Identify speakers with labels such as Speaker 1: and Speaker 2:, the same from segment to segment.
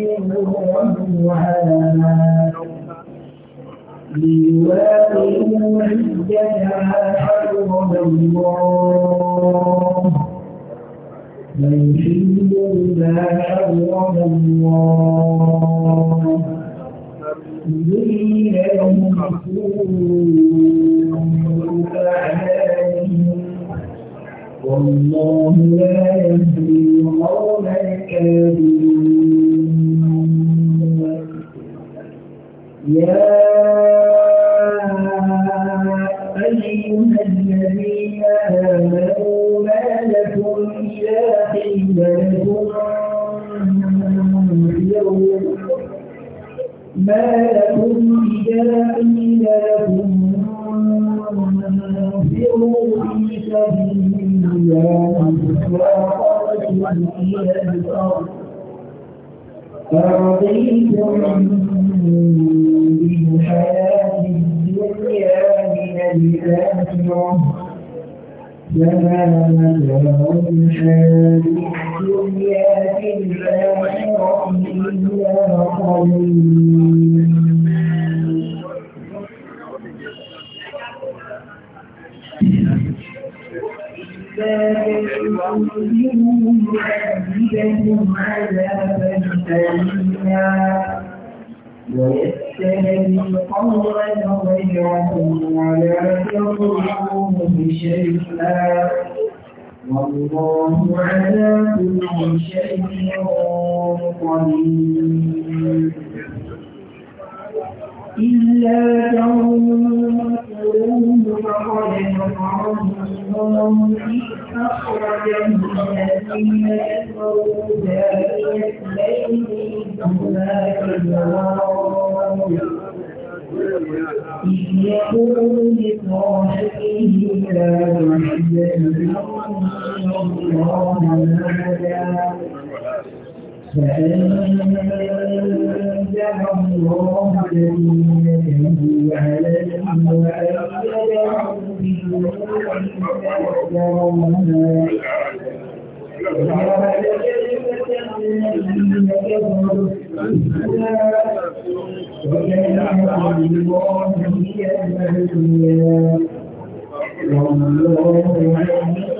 Speaker 1: وعلامات ليواطئوا حجتها حرم الله ويحل ما الله لهم والله لا يهدي القوم الكافرين يا um, والله على كل شيء قدير إلا تنصروه فقد نصره الله إذ أخرجه الذين كفروا ثاني الليل إذ هما في الغار إذ يقول فأنزل
Speaker 2: الله
Speaker 1: الذين على الأموال وكان الله هي المهدية والله عليم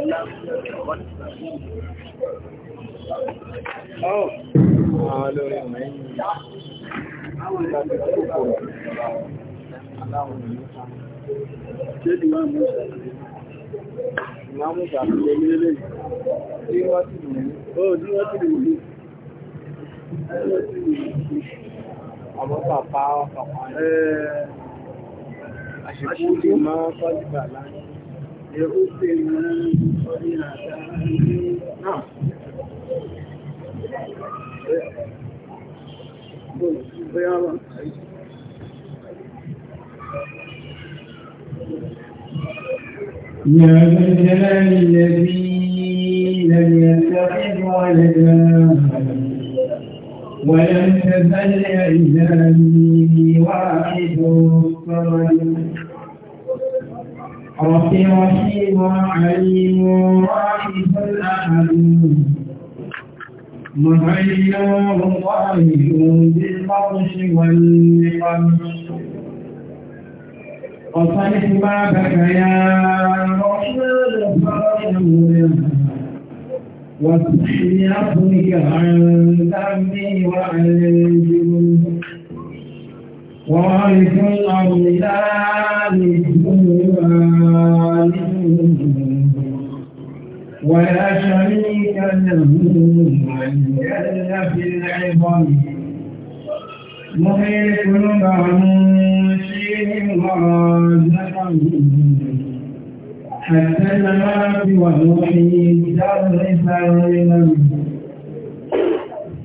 Speaker 1: Àwọn olórí mẹ́rin láti kòkòrò aláwọn Tí máa fọ́jú bà láàrín. يا من جلال نعم يا الذي لم يتخذ ولدا ولم تزل عزامي واحد الصمد رب رحيم عليم واحد أحد مهيمن ظاهر بالبطش والنقم وصلح ما يا رحمن فاغفر واصح عن ذنبي وعن جنبي وارث الأرض لا ولا شريك له من في العظم مهلك المعنشين ورازقه حتى الموت ومحيي الدر سالما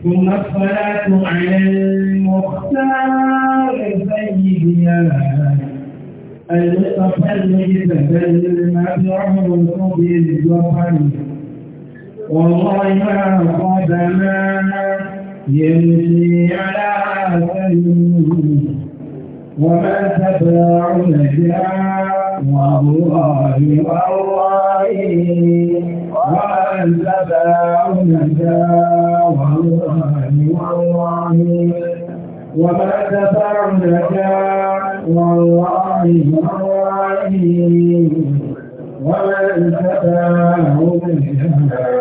Speaker 1: ثم الصلاة على المختار سيدنا المتفلت بالمبعوث بالجحر والله ما قدما يمشي على سلمه وما تباع نجاه والله والله وَالْتَبَعُونَ دَعْوَى اللَّهِ وَمَا تَبَعُونَ دَعْوَى اللَّهِ وَمَا تَبَعُونَ دَعْوَى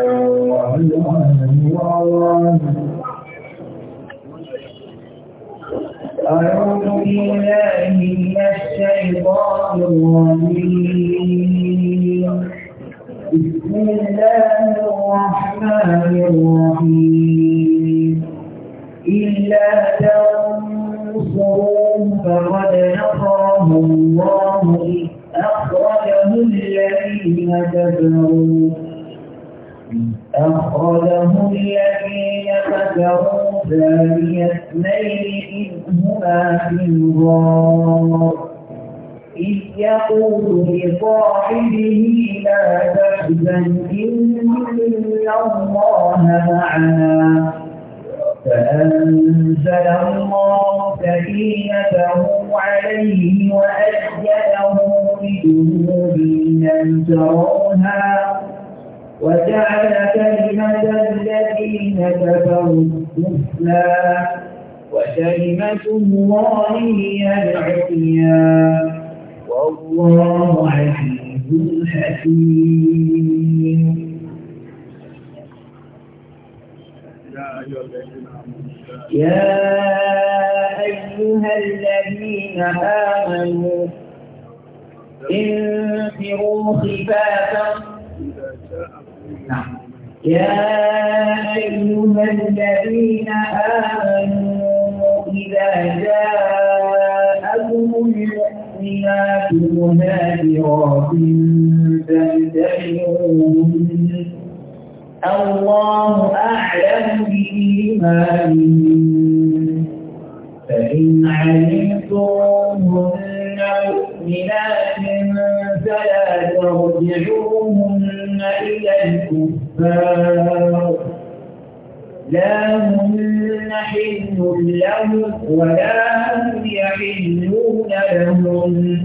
Speaker 1: اللَّهِ أعوذ بالله من الشيطان الرجيم بسم الله الرحمن الرحيم إلا تنصروه فقد نصره الله إذ أخرجه الذين كفروا أخرجه الذين كفروا ثاني اثنين إذ هما في الغار إذ يقول لصاحبه لا تحزن إن الله معنا فأنزل الله سكينته عليه وأجله بجنود لم ترونها وجعل كلمة الذين كفروا السفلى وكلمة الله هي العليا والله عزيز حكيم يا أيها الذين آمنوا انفروا خفافا نعم يا أيها الذين آمنوا إذا جاءكم المؤمنون مؤمنات مهاجرات فابتعوهن الله أعلم بإيمانهن فإن علمتموهن مؤمنات فلا ترجعوهن إلى الكفار لا هن حل لهم ولا لهم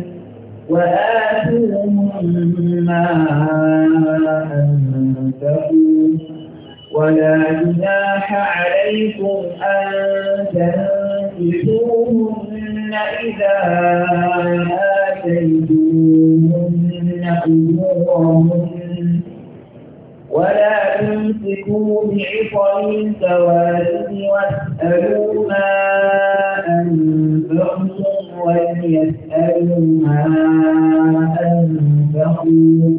Speaker 1: وآتوهم ما أنفقوا ولا جناح عليكم أن تنكحوهن إذا آتيتموهن أجورهن ولا تمسكوا بعصم الزواج واسألوا ما أنفقوا يسألوا ما أنفقوا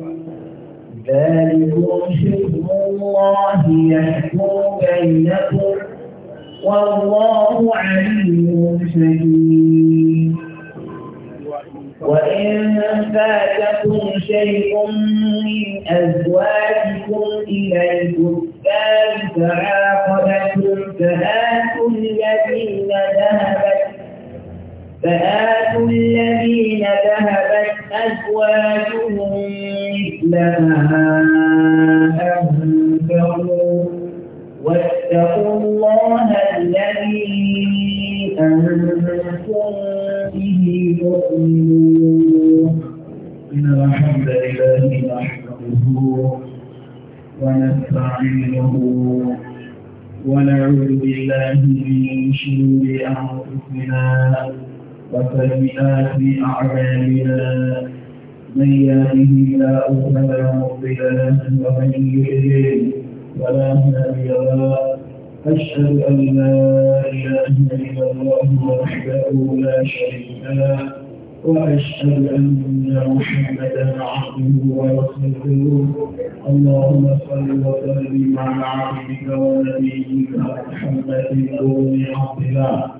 Speaker 1: ذلكم شكر الله يحكم بينكم والله عليم حكيم وإن فاتكم شيء من أزواجكم إلى الكفار فعاقبتم فآتوا الذين ذهبت فآتوا الذين ذهبت أزواجهم مثل ما أنفقوا واتقوا الله الذي أنتم به مؤمنون إن الحمد لله نحمده ونستعينه ونعوذ بالله من شرور أنفسنا وسيئات أعمالنا من يهده الله فلا مضل له ومن يضلل فلا هادي له أشهد أن لا إله إلا الله وحده لا شريك له وأشهد أن محمدا عبده ورسوله اللهم صل وسلم على عبدك ونبيك محمد بن عبد الله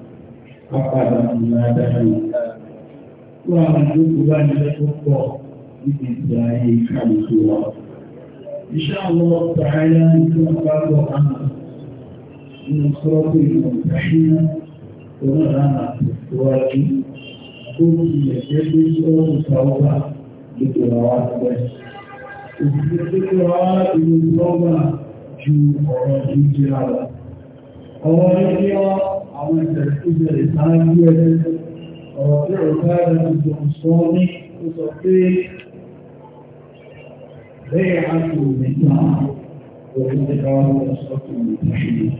Speaker 1: pápára ìlà dáhùn tó àwọn ìjókòó bá ní ẹ̀kọ́ pọ̀ níbi ìgbà ayé kàlùkù wa. Iṣẹ́ àwọn ọ̀tà ayá ní tí wọ́n bá bọ̀ àmà nínú sọ́ọ̀tù ìmọ̀ ìtàhínà òun àmà tẹ̀síwájú. Ó ti lè jẹ́ pé sọ́ọ̀tù sáwọ́bà lókè àwọn àgbẹ̀. Òṣìṣẹ́ tó kí wá ìlú sọ́ọ̀bà ju ọ̀rọ̀ jíjẹ́ àlọ́. Ọ̀rọ̀ ẹgbẹ́ àwọn ìtẹ̀síbẹ̀ ìsáyé ọ̀rọ̀ tí ó káàrẹ̀ gbogbo sọ ní ó sọ pé lẹ́yìn àti òmìnira òun ti káwọn ọmọ sọ́kùn ìtẹ̀síbẹ̀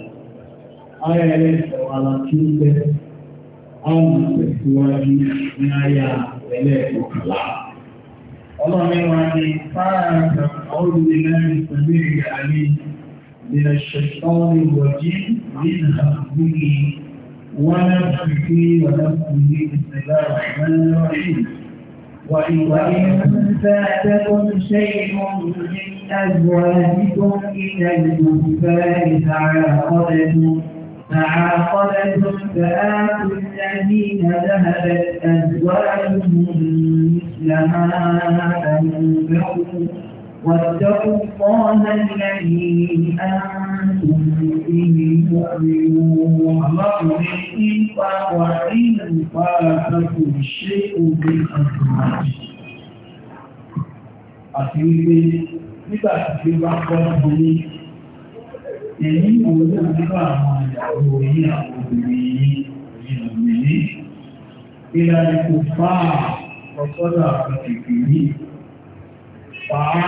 Speaker 1: ayẹyẹ ìṣẹ̀wàlá tí ó bẹ́ àwọn ìtẹ̀síwájú ní ayá ẹlẹ́ẹ̀kọ̀kàlá ọlọ́rin wa ni fáàrà أعوذ بالله السميع العليم من الشيطان الرجيم من همه ولا ونفسي بسم الله الرحمن الرحيم وإن فاتكم شيء من أزواجكم إلى الكفار تعاقدتم تعاقدتم فآتوا الذين ذهبت أزواجهم مثل ما أنفقوا واتقوا الله الذي أنتم به مؤمنون الله إنفا وإن فاتكم الشيء بالأزواج àti wípé nígbà tí ó bá kọ́ ọ̀hún ní èyí òun náà nígbà àwọn ìyàwó yìí àwọn obìnrin yìí ìrìnàmì ní ìlànà kò fáà ọ̀sọ́dọ̀ àwọn ìgbìyànjú fàá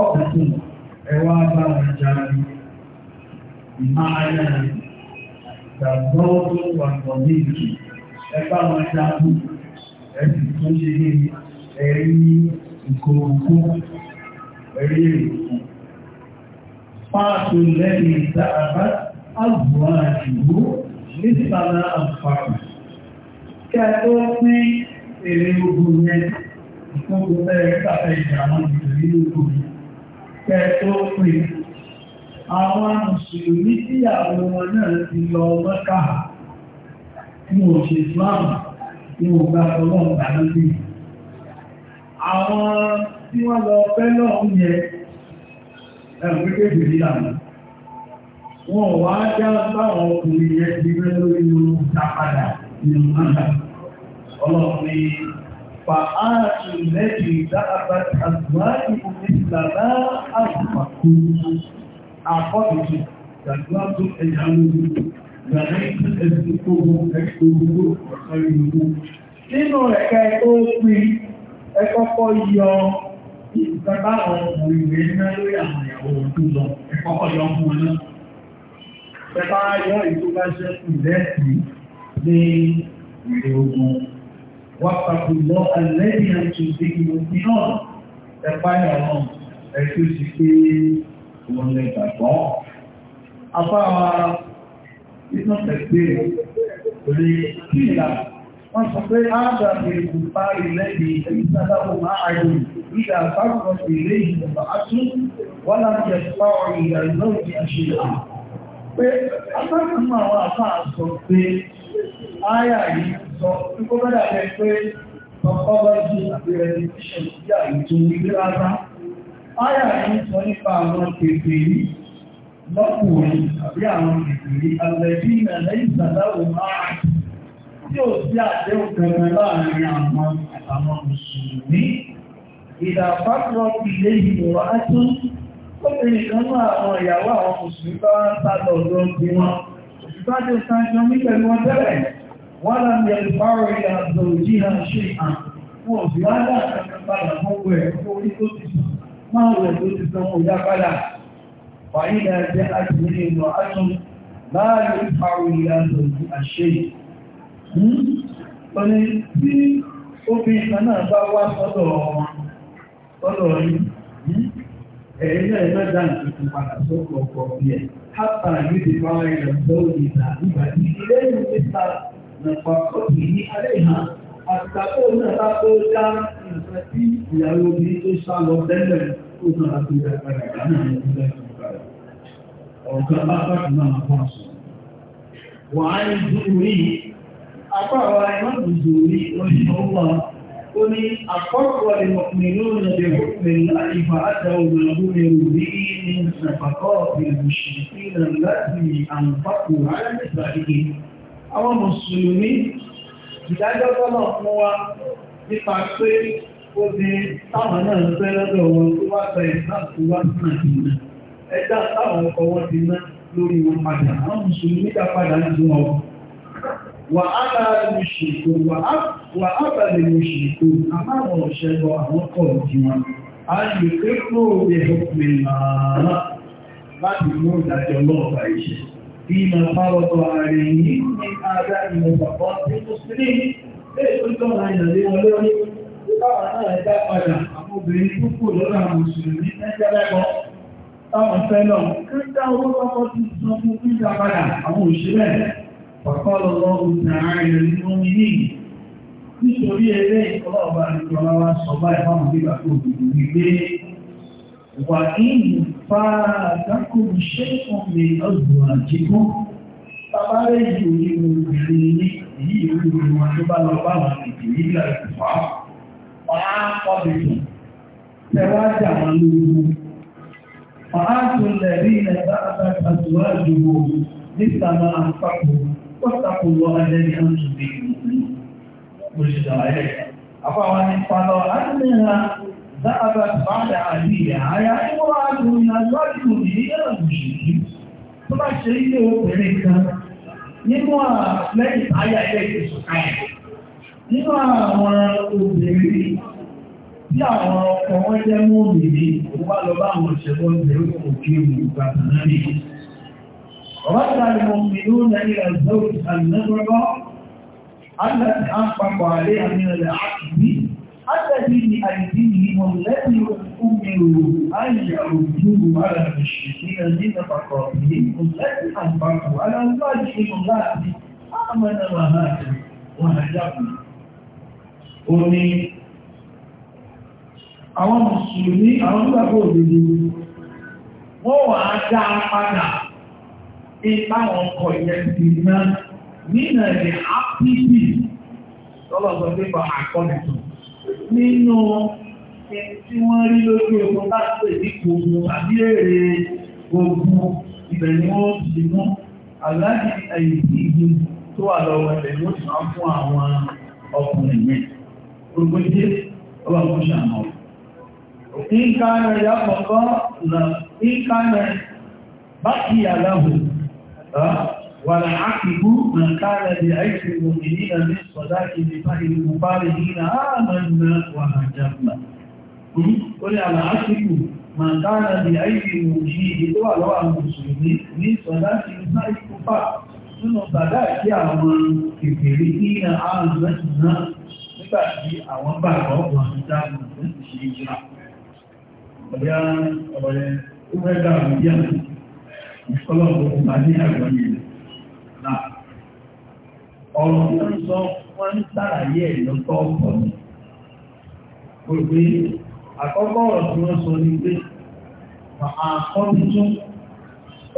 Speaker 1: ọ̀pùpù ẹwà bára jáde ìmáyà ìgbàgbọ́ tó wà pọ̀ méjì ẹgbà wọn jáde ẹ̀sì tó ṣe ní ẹ̀rí ìkòókó ẹ̀rí èrò pàtó lẹ́yìn ìdáàbá àbúrò àjùgbó nípa náà àǹfààní kẹ́ẹ̀kọ́ gbogbo bẹ́ẹ̀ sáfẹ́ ìjàmọ́ ìtòrí lóko mi kẹ́ tó pè àwọn mùsùlùmí tíyàwó wọn náà ti lọ mọ́kà ní òṣè islam ní ògbà ọlọ́run tàbí àwọn tí wọ́n lọ fẹ́ lọ́run yẹ ẹ̀rùn kékeré ìlànà فآتوا الذي ذهبت أزواجكم مثل ما أنفقوا أعقابكم تزواجوا اجعلوا غنيتم أزواجكم أكتبوا وخيروا nínú ẹ̀ka ẹ̀kọ́ pín ẹ̀kọ́kọ́ yọ ìgbàgbà ọ̀pọ̀ ìwé ná lórí àwọn ìyàwó tó lọ ẹ̀kọ́kọ́ yọ fún ọ̀nà pẹ̀lú ayọ́ ìtúbáṣẹ́kù lẹ́sìn واتقوا الله الذي أنتم به مؤمنون ẹ̀páyà náà ẹ̀tí ó sì pé wọn lè gbàgbọ́. afáwa ìtọ́tẹ̀ pé rí kíìlà wọ́n sọ pé áàdà bèèrè kò bá ilẹ̀ ní ìsádàbò máa àìrò ìdá àbákọ̀ ilé ìjọba atún wọ́n láti ẹ̀fà ọ̀rọ̀ ìyàrá ìlọ́ọ̀dì àṣírí pé afẹ́kùnmọ́ àwọn àfáà sọ pé Áyà yìí sọ tí kó mẹ́rà jẹ́ pé ọkọ́lọ́jì ìrẹ̀dìtíṣẹ̀ sí àìjò ilé rárá. Áyà yìí sọ nípa àwọn kèfè yìí lọ́kùnrin àbí àwọn kèfè yìí alẹ́bí ìrẹ̀lẹ́ ìsàdáwò máa tí ó sí àdéhùn kẹrẹ láàrin àwọn àtàwọn mùsùlùmí. Ìdàpátrọ̀ ilé ìwọ̀ átún Obìnrin kan mọ́ àwọn ìyàwó wọ́n lá ní ẹlùpáwọ̀ ilẹ̀ àgbòjì náà ṣe àn wọ́n sì wá dá àkàkà padà fún wẹ̀ fún orí tó ti sùn máa wẹ̀ tó ti sọ òjá padà fàílẹ̀ ẹgbẹ́ àtìlẹ́ ìlú àtún láàrin ìpáwọ̀ ilẹ̀ àgbòjì àṣẹ ọ̀nà yìí ẹ̀yìn náà mẹ́ta nǹkan padà sọ́kọ̀ ọ̀pọ̀ nàpàkọ́bìnrin àríhàn àtàkó náà tó dá nǹkan tí ìyàwó obìnrin tó sá lọ tẹ́lẹ̀ tó náà tó yà padà dáná ní ìpínlẹ̀ ìpínlẹ̀ ọ̀gá bábàkì náà bá sọ. wàá ní dúrí apá àwa ìmọ̀tò dúrí oníṣòwò ó ní àkọ́kọ́ ìmọ̀kùnrin ló ń lè rúpin láìfà àtàwọn olùgbòmìn rí ní ìsàpàkọ́ ìrìnṣìṣì náà láti àǹfààkù alẹ́ àwọn mùsùlùmí ìdájọ́ tọ́lọ̀ fún wa nípa pé ó di táwọn náà ń fẹ́ lọ́dọ̀ wọn tó wá gba ìsìláàmù tó wá sí nàìjíríà ẹ̀dá táwọn ọkọ̀ wọn ti ná lórí wọn padà àwọn mùsùlùmí dá padà ń dún ọ. wà á bá mi ṣètò wà á bá mi ṣètò àmọ́ àwọn ọ̀ṣẹ́ lọ àwọn kọ̀ ọ̀dì wọn. a lè pé kúrò ní ẹ̀kọ́ pé màá láti mú ìdájọ́ náà bá iṣẹ́. فيما فرض عليهم من آداء المتقاط المسلمين ليس الكون الذي ولوني Táwọn náà dá padà àwọn obìnrin púpọ̀ lọ́nà àwọn òṣèlú ẹgbẹ́lẹ́gbọ́. Táwọn fẹ́lọ̀, kí dá owó pápọ̀ tí sọ fún pídà padà àwọn òṣèlú pàpọ̀ lọ́wọ́ òṣèlú àárín ní wọ́n ní ní. Nítorí ẹgbẹ́ ìkọlọ́ ọba àti ìjọba wa sọ báyìí fáwọn nígbà tó gbogbo ìgbé. Wà ní ìlú fàádákùn ṣẹ́kùn lè ọ̀gbọ̀n àjíkún tàbárẹ́ jù nínú obìnrin ní èyí ìlú wọn tó bá lọ bá wọn èdè nílẹ̀ ìfà máa pọ̀bìtì tẹwájà wọn lóru máa tún lẹ̀rí ilẹ̀ dáadáa tàbí níta máa ń pàpò pọ́tàkù lọ ẹlẹ́ni àtúndì ìlú òṣìṣẹ́ àyẹ̀ àfọwọ́n ذهبت بعد علي يا امرأة من الرجل يرمي ثم شهد وبركة nínú àlẹ́yìn táyà ilé ìṣẹ̀ṣù káyà nínú àwọn obìnrin bí àwọn ọkọ wọn jẹ́ mú obìnrin òun wá lọ bá àwọn ìṣẹ̀lẹ̀ obìnrin kò kí ewu ìgbà náà ní. ọ̀rọ̀ ìdájọ́ mo fi ló ń lẹ́yìn ẹ̀sọ́ ìṣàlùmẹ́sọ́rọ́ alẹ́ àpapọ̀ àlẹ́ àmì ẹ̀rẹ̀ àkùnrin الذين أيديهم لم يؤمروا أن يعودوا على المشركين من مقامهم التي أنفقوا على أزواجهم التي آمن وهاجر وهجرنا Oni àwọn Mùsùlùmí àwọn gbàgbọ́ òdìdí wọ́n wà á dá padà ní ọkọ̀ ìyẹn ti ihe nínà ìrìn àpìpì lọ́lọ́sọ̀ pípa nínú tí wọ́n rí lójú ẹ̀kọ́ láti ní gbogbo àbí èrè gbogbo ibẹ̀ ni wọ́n ti mú aláàjì àìsí ìlú tó wà lọ́wọ́ ẹ̀bẹ̀ ló ti máa fún àwọn ọkùnrin mi gbogbo jẹ́ ọba kò ṣàmọ́ ìkànnà ìyàkọ̀kọ́ nà ìkànnà bákìyà láhùn والعقب من di بعيش المؤمنين من صداق نفاق المبارهين آمنا وهجرنا قل على عقب من كان بعيش المؤمنين هو لو المسلمين من صداق نفاق الكفار nínú bàdá àti àwọn kèfèrè ní àárín lẹ́sìn náà nígbà tí àwọn bàbá ọ̀gbọ̀n àti dáàbò lẹ́sìn ṣe ìjìnà ọ̀yá ọ̀rẹ́ ó fẹ́ dáàbò bí àwọn ìfọ́lọ́pọ̀ ọ̀gbà ní àgbọ̀nyẹ̀ ọ̀rọ̀ tí wọ́n sọ wọ́n ń sàlàyé ẹ̀ lọ́tọ́ ọ̀pọ̀ ni pé àkọ́kọ́ ọ̀rọ̀ tí wọ́n sọ ní pé àkọ́bítú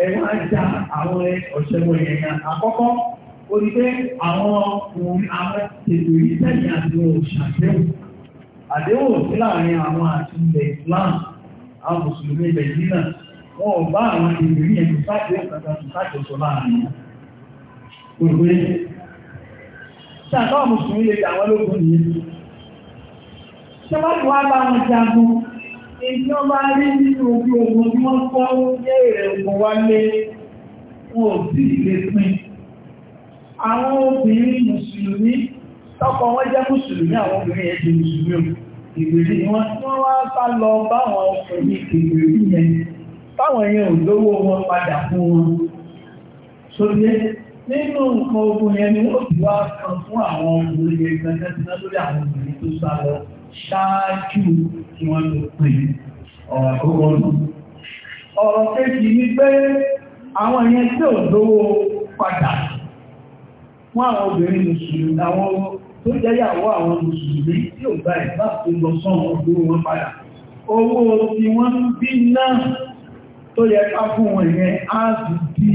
Speaker 1: ẹwà já àwọn ọ̀ṣẹ́wọ̀ ẹ̀yà àkọ́kọ́ ó ní pé àwọn ọkùnrin àwọn ètò ìtẹ́yìn àti òṣàdéhùn àdéhùn sí láàrin àwọn àti ilẹ̀ Islam àwọn mùsùlùmí ilẹ̀ nínà wọn ò bá àwọn ìrírí ẹ̀mí sáàdéhùn kankan sáàdéhùn sọ láàrin ṣàtọ́ mùsùlùmí lè àwọn ológun yìí ṣọ́pàá wá bá wọn jagun èyí wọ́n rí nínú ojú ogun tí wọ́n kọ́ ní èrè ogun wálé wọn ò sí ilé pin àwọn obìnrin mùsùlùmí tọ́kọ wọn jẹ́ mùsùlùmí àwọn obìnrin yẹn di mùsùlùmí ìgbèrè ni wọ́n tí wọ́n wá bá lọ báwọn ọkùnrin ìgbèrè yẹn báwọn yẹn ò lówó wọn padà fún wọn sóbi nínú nǹkan ogun yẹn ni ó ti wá kan fún àwọn obìnrin ẹgbẹ́ tẹ́tẹ́ lórí àwọn obìnrin tó sá lọ ṣáájú kí wọ́n tó pè ọ̀rọ̀ àkókò náà. ọ̀rọ̀ kejì ni pé àwọn ìyẹn tí ò lówó padà fún àwọn obìnrin mùsùlùmí àwọn tó jẹ́yàwó àwọn mùsùlùmí tí ò gba ìgbà tó lọ sọ́wọ́n owó wọn padà owó tí wọ́n ń bí náà tó yẹ ká fún wọn yẹn á ti di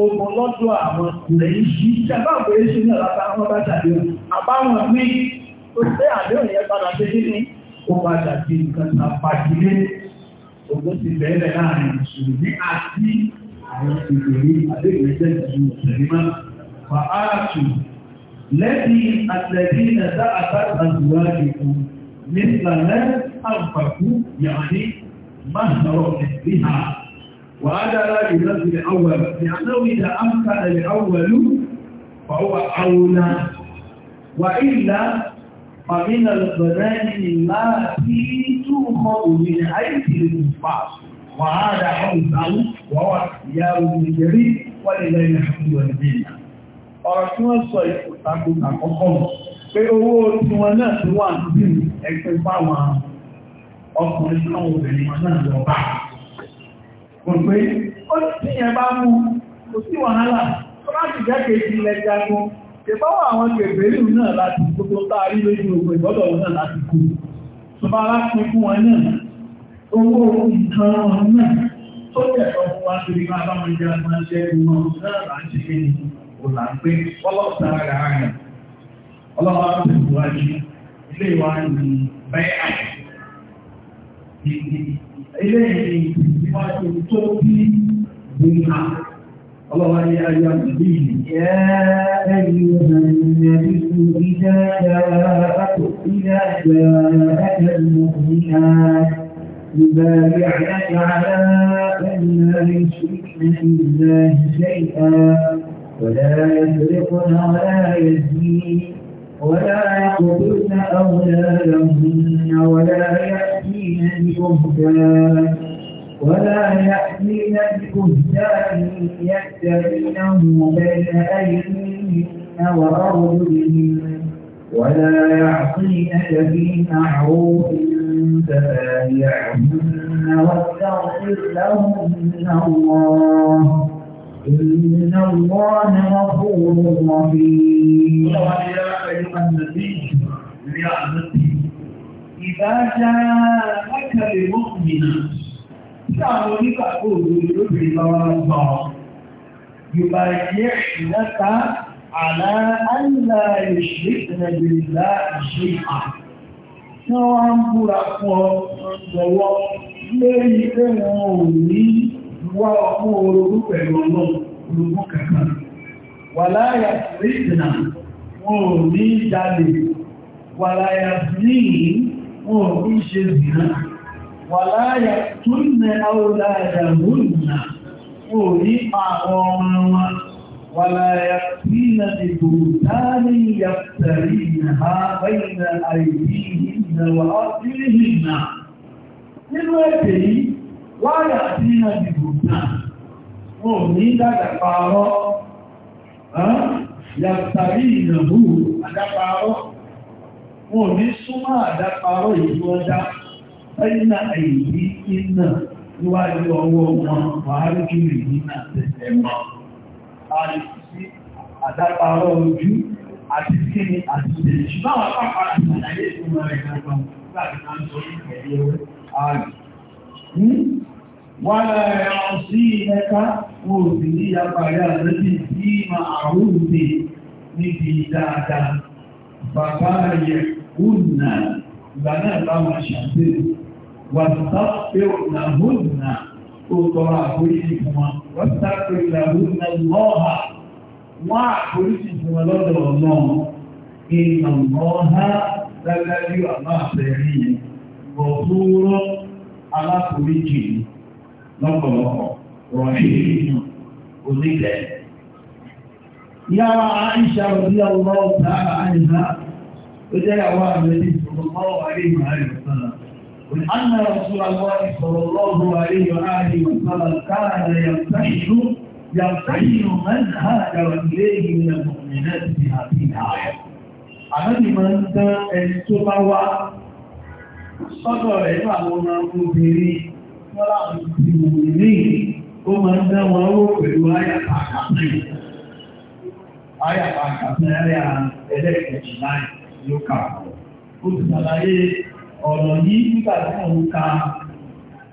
Speaker 1: ọmọ lọ́dọ̀ àwọn ìrẹ̀yìn sí ṣàbáwọ̀ èṣù ní ọ̀látà wọn bá ṣàdéhùn àbáwọn mí tó tẹ́ àdéhùn yẹn padà ṣe ní ní ó bá ṣàdé nǹkan tàbàkìlé ogun ti bẹ̀rẹ̀ láàrin ìṣòrí àti àwọn ìgbèrè àdéhùn ẹgbẹ́ ìṣòro ìṣẹ̀lẹ̀ máa wà á tù lẹ́bí àtẹ̀bí ẹ̀dá àtàkàzùwá ìkù nípa lẹ́ àǹfààkú yàrá ní máa ń sọ̀rọ̀ ẹ̀sìn وهذا لا ينزل الأول لأنه إذا أمكن الأول فهو أولى وإلا فمن الغنائم في تؤخذ من أيدي الكفار وهذا أوسع وهو اختيار الجريء ولله الحمد والمنة ọ̀rọ̀ tí wọ́n sọ ìpòtàkùn àkọ́kọ́ pé owó tí wọ́n náà tí wà ní ẹgbẹ́ fáwọn ọkùnrin táwọn obìnrin wọn náà lọ bá kò pé ó sì yẹn bá mú kò sí wàhálà tó bá sì jẹ́ kejì ilẹ̀ jagun ìbáwọ̀ àwọn kèbèrú náà láti kú tó táàrí lójú ogun ìgbọ́dọ̀ náà láti kú tó bá lápin fún wọn náà owó nǹkan wọn náà tó tẹ̀sọ́ fún wa torí máa bá wọn jẹ́ àwọn ṣẹ́ wọn ilé eléyìí wọ́n ti tó bí gbìyà ọlọ́wọ́ ní ayé àbúgbì yẹ́ ẹ̀yìn ọ̀nà ìrìnàjò ìdájá àpò ìdájá ẹ̀ẹ́dẹ̀mọ̀ níhà يبايعنك على أن لا يشركن بالله شيئا ولا يسرقن ولا يزنين ولا يقتلن أولادهن ولا يأتين بكهتان ولا يأتين بكهتان يأتينه بين أيديهن وأرجلهن ولا يعصينك في معروف فبايعهن واستغفر لهن الله إن الله غفور رحيم يا أيها النبي يا نبي إذا جاءك المؤمن سألوا لك أقول لك الله يبايعنك على أن لا يشركن بالله شيئا Tí wọ́n ń búra fún ọ lọ́wọ́ lórí pé wọn ò ní wá ọmọ orogún pẹ̀lú ọlọ́run kankan wà láyà sí ìdìnà wọn ò ní jalè wà láyà sí wọn ò ní ṣe zìnà wà láyà tún nẹ àwòlá ìdàmúnà wọn na dìbò tààrí yàtàrí ìnà bẹ́yìn àìrí ìnà wà ọ́ wáyà tí ní àdìbò náà wọn ò ní dàgbà ọ̀rọ̀ yàtàrí ìnàbù àdáparọ́ wọn ò ní súnmọ́ àdáparọ́ ìlú ọjà ẹ̀yìnà èyí iná níwájú ọwọ́ wọn wàárí jù èyí náà tẹ̀sẹ̀ mọ́ àìsí àdáparọ́ ojú àti kíni àti tẹ̀lẹ̀ ṣùgbọ́n àwọn pápára àtàlẹ́ ìfúnra rẹ̀ gbọ́n láti ní ìpẹ̀lẹ̀ wọ́n rẹ̀ ọ̀sí ẹ̀ka wo sì ní àpàrí àrẹ́bí sí màárùn-ún níbi dáadáa bàbá yẹ hùnà ìgbàná ìbáwọn ṣàtẹ́ wà sáfẹ́ ònà hùnà ó tọrọ àforíjì fún wọn wọ́n sáfẹ́ ònà hùnà lọ́pọ̀lọpọ̀ rọ̀hìn onílẹ̀. Yára Aisha rọ̀bí ọlọ́ tààrà àìsá, ó jẹ́ àwọn àmẹ́lì sọ̀rọ̀lọ́wọ́ àríwá àríwá sọ́lá. Anna Rasulallah sọ̀rọ̀lọ́wọ́ àríwá àríwá sọ́lá káàrà yàtàṣù yàtàṣù mẹ́ta àjàrà ilé ìgbìmọ̀ mọ̀mìnà ti àti ìhàyà. Àmẹ́lì máa ń dán ẹni tó bá wá sọ́dọ̀ rẹ̀ ní àwọn ọmọ obìnrin ìwòrí ó máa ń dá wọn ó pẹ̀lú ayàpàá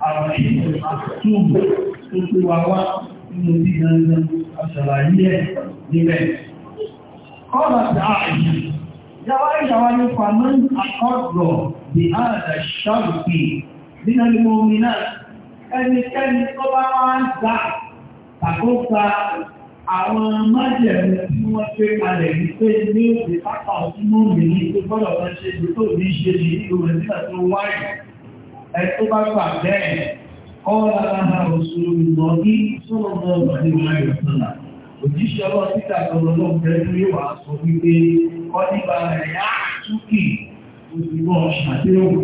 Speaker 1: Àwọn ìṣẹ̀lẹ̀ àtúgbò tó pé wa wá nínú bí gangan àṣàlàyé ẹ̀ níbẹ̀. Kọ́lá ti àìyí, yàwá ìyàwá ní Fàmán àkọ́dọ̀ bí ààdà ṣàrùpì nínú ìmọ̀ omi náà ẹnikẹ́ni tó bá wá ń gbà tàkópa àwọn májẹ̀mú tí wọ́n gbé kalẹ̀ ní pé ní òṣè pápá ọdún mọ́ mi ní tó gbọ́dọ̀ fẹ́ ṣe tó tó ní ṣe ní ìlú rẹ̀ nígbà tó wáyé ẹ tó bá gbà bẹ́ẹ̀ ọ̀rọ̀ ara òṣèlú ìmọ̀ ní sọ́nà ọ̀gbà ní wáyé ọ̀sán òjíṣẹ́ ọlọ́ títà lọ́rọ̀ lọ́wọ́ tẹ́lú ìwà sọ wípé ọdíbà ẹ̀yà túkì òṣìwọ̀n ṣàdéhùn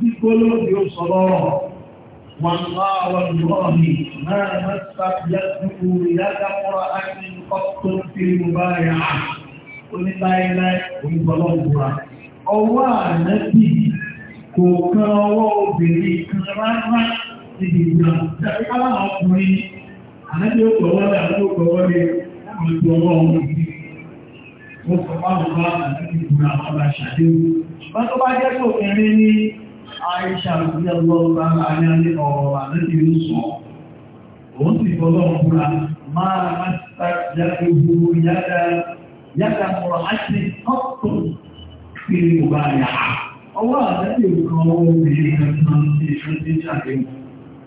Speaker 1: gbígbólóòdì ó sọ lọ́rọ̀ wọn máa wọ ìrọ̀mì náà mẹ́ta yẹ́kùnkù ìyájáfọ́ra ákí ọ̀tọ́ tí mo bá yà á oníláìláì onígbọ́lọ́gbùra ọwọ́ ànẹ́bì kò kan ọwọ́ obìnrin kan rárá níbi ìgbà tàbí káwọn ọkùnrin ànẹ́bì ó gbọ́wọ́ rẹ̀ àti ó gbọ́wọ́ rẹ̀ ọmọ ọwọ́ ọmọ ìdí mo sọ fáwọn ọmọ ànẹ́bì ìgbà àwọn àṣàdéwò Aisha ní ọlọ́ọ̀bá ní alẹ́ ọ̀rọ̀ àti ìrúsùn òun sì fọ́lọ́ ọ̀pùra máa máa jágbogbo yada mọ̀rọ̀ àti ọ̀pọ̀ sí ìwà yàá. Ọwọ́ àtẹ́lẹ̀ òkan obìnrin kan tí wọ́n ti ṣe ti ṣàdéhùn.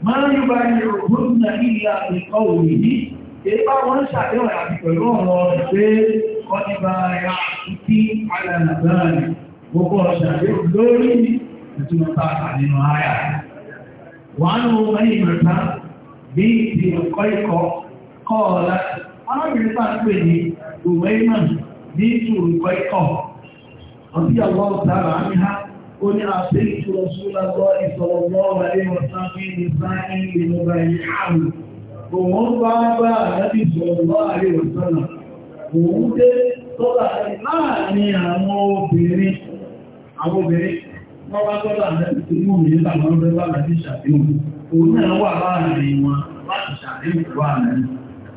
Speaker 1: Máa ń yóò bá yẹ òkúrú na ilé àtìkọ́ òní gbogbo ọ̀ṣàdéhùn lórí tuntun sáàkà nínú àyà. Wọ́n ń wo ẹyìn mẹ́ta bí ti ọ̀kọ́ ikọ̀ kọ́ ọ̀la. Arábìnrin bá ń pè ní òwe imam ní ìtùrù ìkọ́ ikọ̀. Ọtí àwọn ha ó ní wọ́n bá tọ́lá lẹ́bí tó mú mi nípa àwọn ọdọ́ bá lẹ́bí ṣàfihàn òun náà wà láàrin wọn láti ṣàfihàn wà lẹ́nu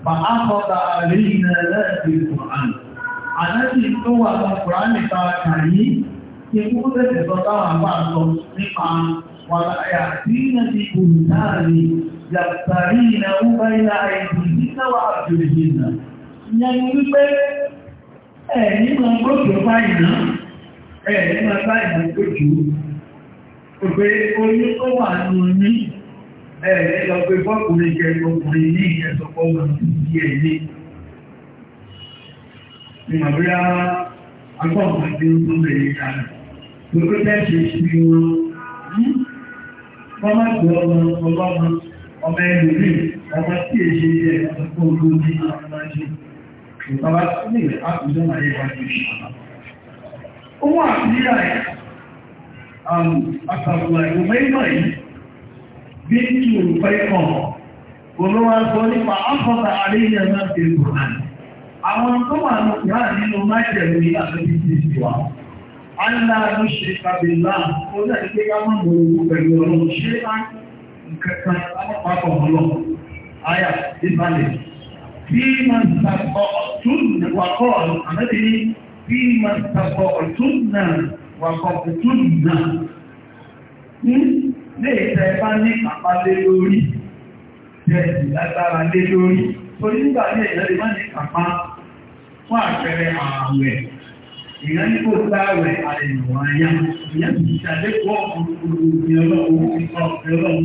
Speaker 1: bà á kọta àrí iná lẹ́ẹ̀kì kùrán àlẹ́bí tó wà lọ kùrán nípa kàyí kí n kúkú tẹ̀sẹ̀ sọ táwọn àbá sọ nípa wà láyà tí iná ti kùn táàrí yàtàrí iná ó bá iná àìsí nígbà wà àjòyè ni wípé ẹ̀ẹ́nì máa pé oyún tó wà ní oyún ẹ̀ẹ́ lọ pé fọ́kùnrin kẹrìnkùnrin ní ìyẹ̀sọ̀pọ̀ wọn ti ẹ̀ ní ìmọ̀bíyá agbọ́nà tí ó ń bèèrè ìdára lókè tẹ́ẹ̀ṣẹ̀ sí wọn wọ́n má gbọ́ ọmọ ọlọ́mọ ọmọ ẹlòmí ọmọ tí èṣe jẹ́ ọ̀pọ̀ olóògbé ọmọdé ìpàwà sílẹ̀ àkùnjọ́ màá yẹ Um, àtàrà ìwọ̀mẹ́mọ̀ yìí bí kí olùfẹ́ ikọ̀ olówó sọ nípa ọ́fọ́ta àríyàn náà ti rò hàn àwọn tó wà ní ìhàn nínú Allah ló ṣe kàbílá ó náà ní pé ká mọ̀ mọ̀ owó pẹ̀lú ọlọ́run ṣé á kẹkàn lápapọ̀ ọlọ́run ayà ìbálẹ̀ wàkọ̀kù tó nìgbà ní lè tẹ́ bá ní pàpá lé lórí tẹ́sì lágbára lé lórí torí nígbà ní èèyàn lè má ní pàpá fún àpẹẹrẹ ààwẹ̀ èèyàn ní kò sáàwẹ̀ àìyànwó ayá ìyẹn ti ṣàlékọ́ ọkùnrin olóògbé ọlọ́run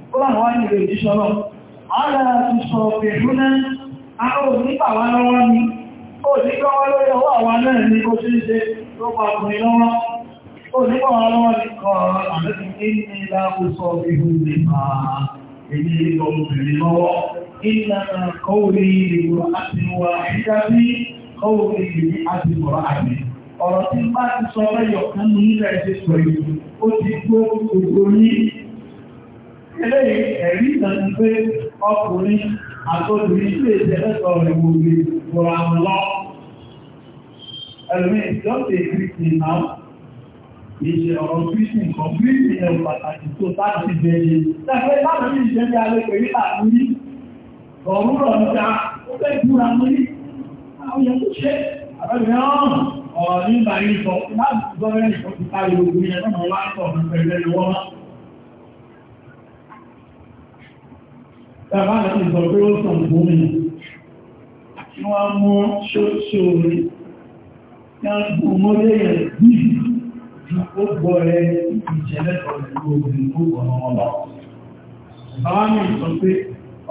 Speaker 1: láwọn wáyé ilẹ̀ òjíṣọ́ náà ara ti sọ pẹ̀lúná àwọn onípa wá lọ́wọ́ ni ó nípa wá lórí ọwọ́ àwọn náà ní kó tí ń ṣe tó pa ọkùnrin lọ́wọ́ ó nípa wá lọ́wọ́ ní kọ̀ọ̀rọ̀ àmẹ́kùn ní ìlà kó sọ pẹ̀lú nípa èyí ọmọbìnrin lọ́wọ́ ìlà kọ́wòrí ìwọ̀ àti wà ìdájí kọ́wòrí ìwọ̀ ti sọ lẹ́yọ̀ eléyìí ẹ̀rí ìtàn pé ọkùnrin àtọ́bìnrin sí èdè ẹ̀lẹ́tọ̀ rẹ̀ gbogbo ìgbòrò àwọn lọ ẹ̀rí ìjọ́sẹ̀ ìgbìtì náà ìṣẹ̀ ọ̀rọ̀ gbìtì kan gbìtì ẹ̀ pàtàkì tó láti bẹ̀rẹ̀ tẹ́fẹ́ láti ní ìṣẹ́ ní alẹ́ pẹ̀lú àmúrí ọ̀rúnrọ̀ níta ó fẹ́ gbúra múrí àwọn yẹn tó ṣe àbẹ́mìíràn ọ̀rọ̀ nígbà yìí sọ láti gbọ́rẹ́ nìkan ti káyọ̀ ogun yẹn náà wá sọ̀rọ̀ pẹ̀lú ẹ̀rọ wọn Bàbá àti ìsọ̀ pé ó sàn fún mi. Àti wọ́n mú ṣóṣó rí. Yá bú mọ́lé yẹn bí ó gbọ́ rẹ ìjẹ́lẹ̀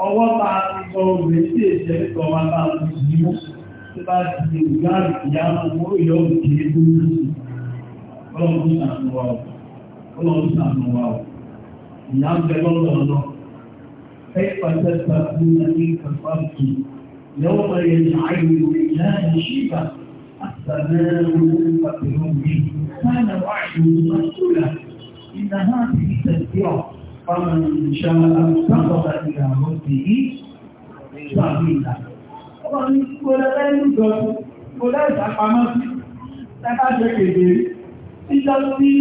Speaker 1: Ọwọ́ bá ti sọ obìnrin tí èṣẹ́ ìtọ́ wá bá ń bí ìmú tó bá ti di ìgbà ìyá ọmọ ìyọ́ òkèrè lórí ọlọ́run sàánú wa ọ̀. Ìyá ń bẹ lọ́dọ̀ ọlọ́run. كيف تتبعون تلك الارض يوم يجعل الرجال شيبا السماء منفق به كان وعده مسؤولا ان هذه تذكره فمن شاء اتخذ الى ربه سبيلا ọlọ́run ní kò ولا gọ́ọ̀tù kò lẹ́ẹ̀sà إلا sí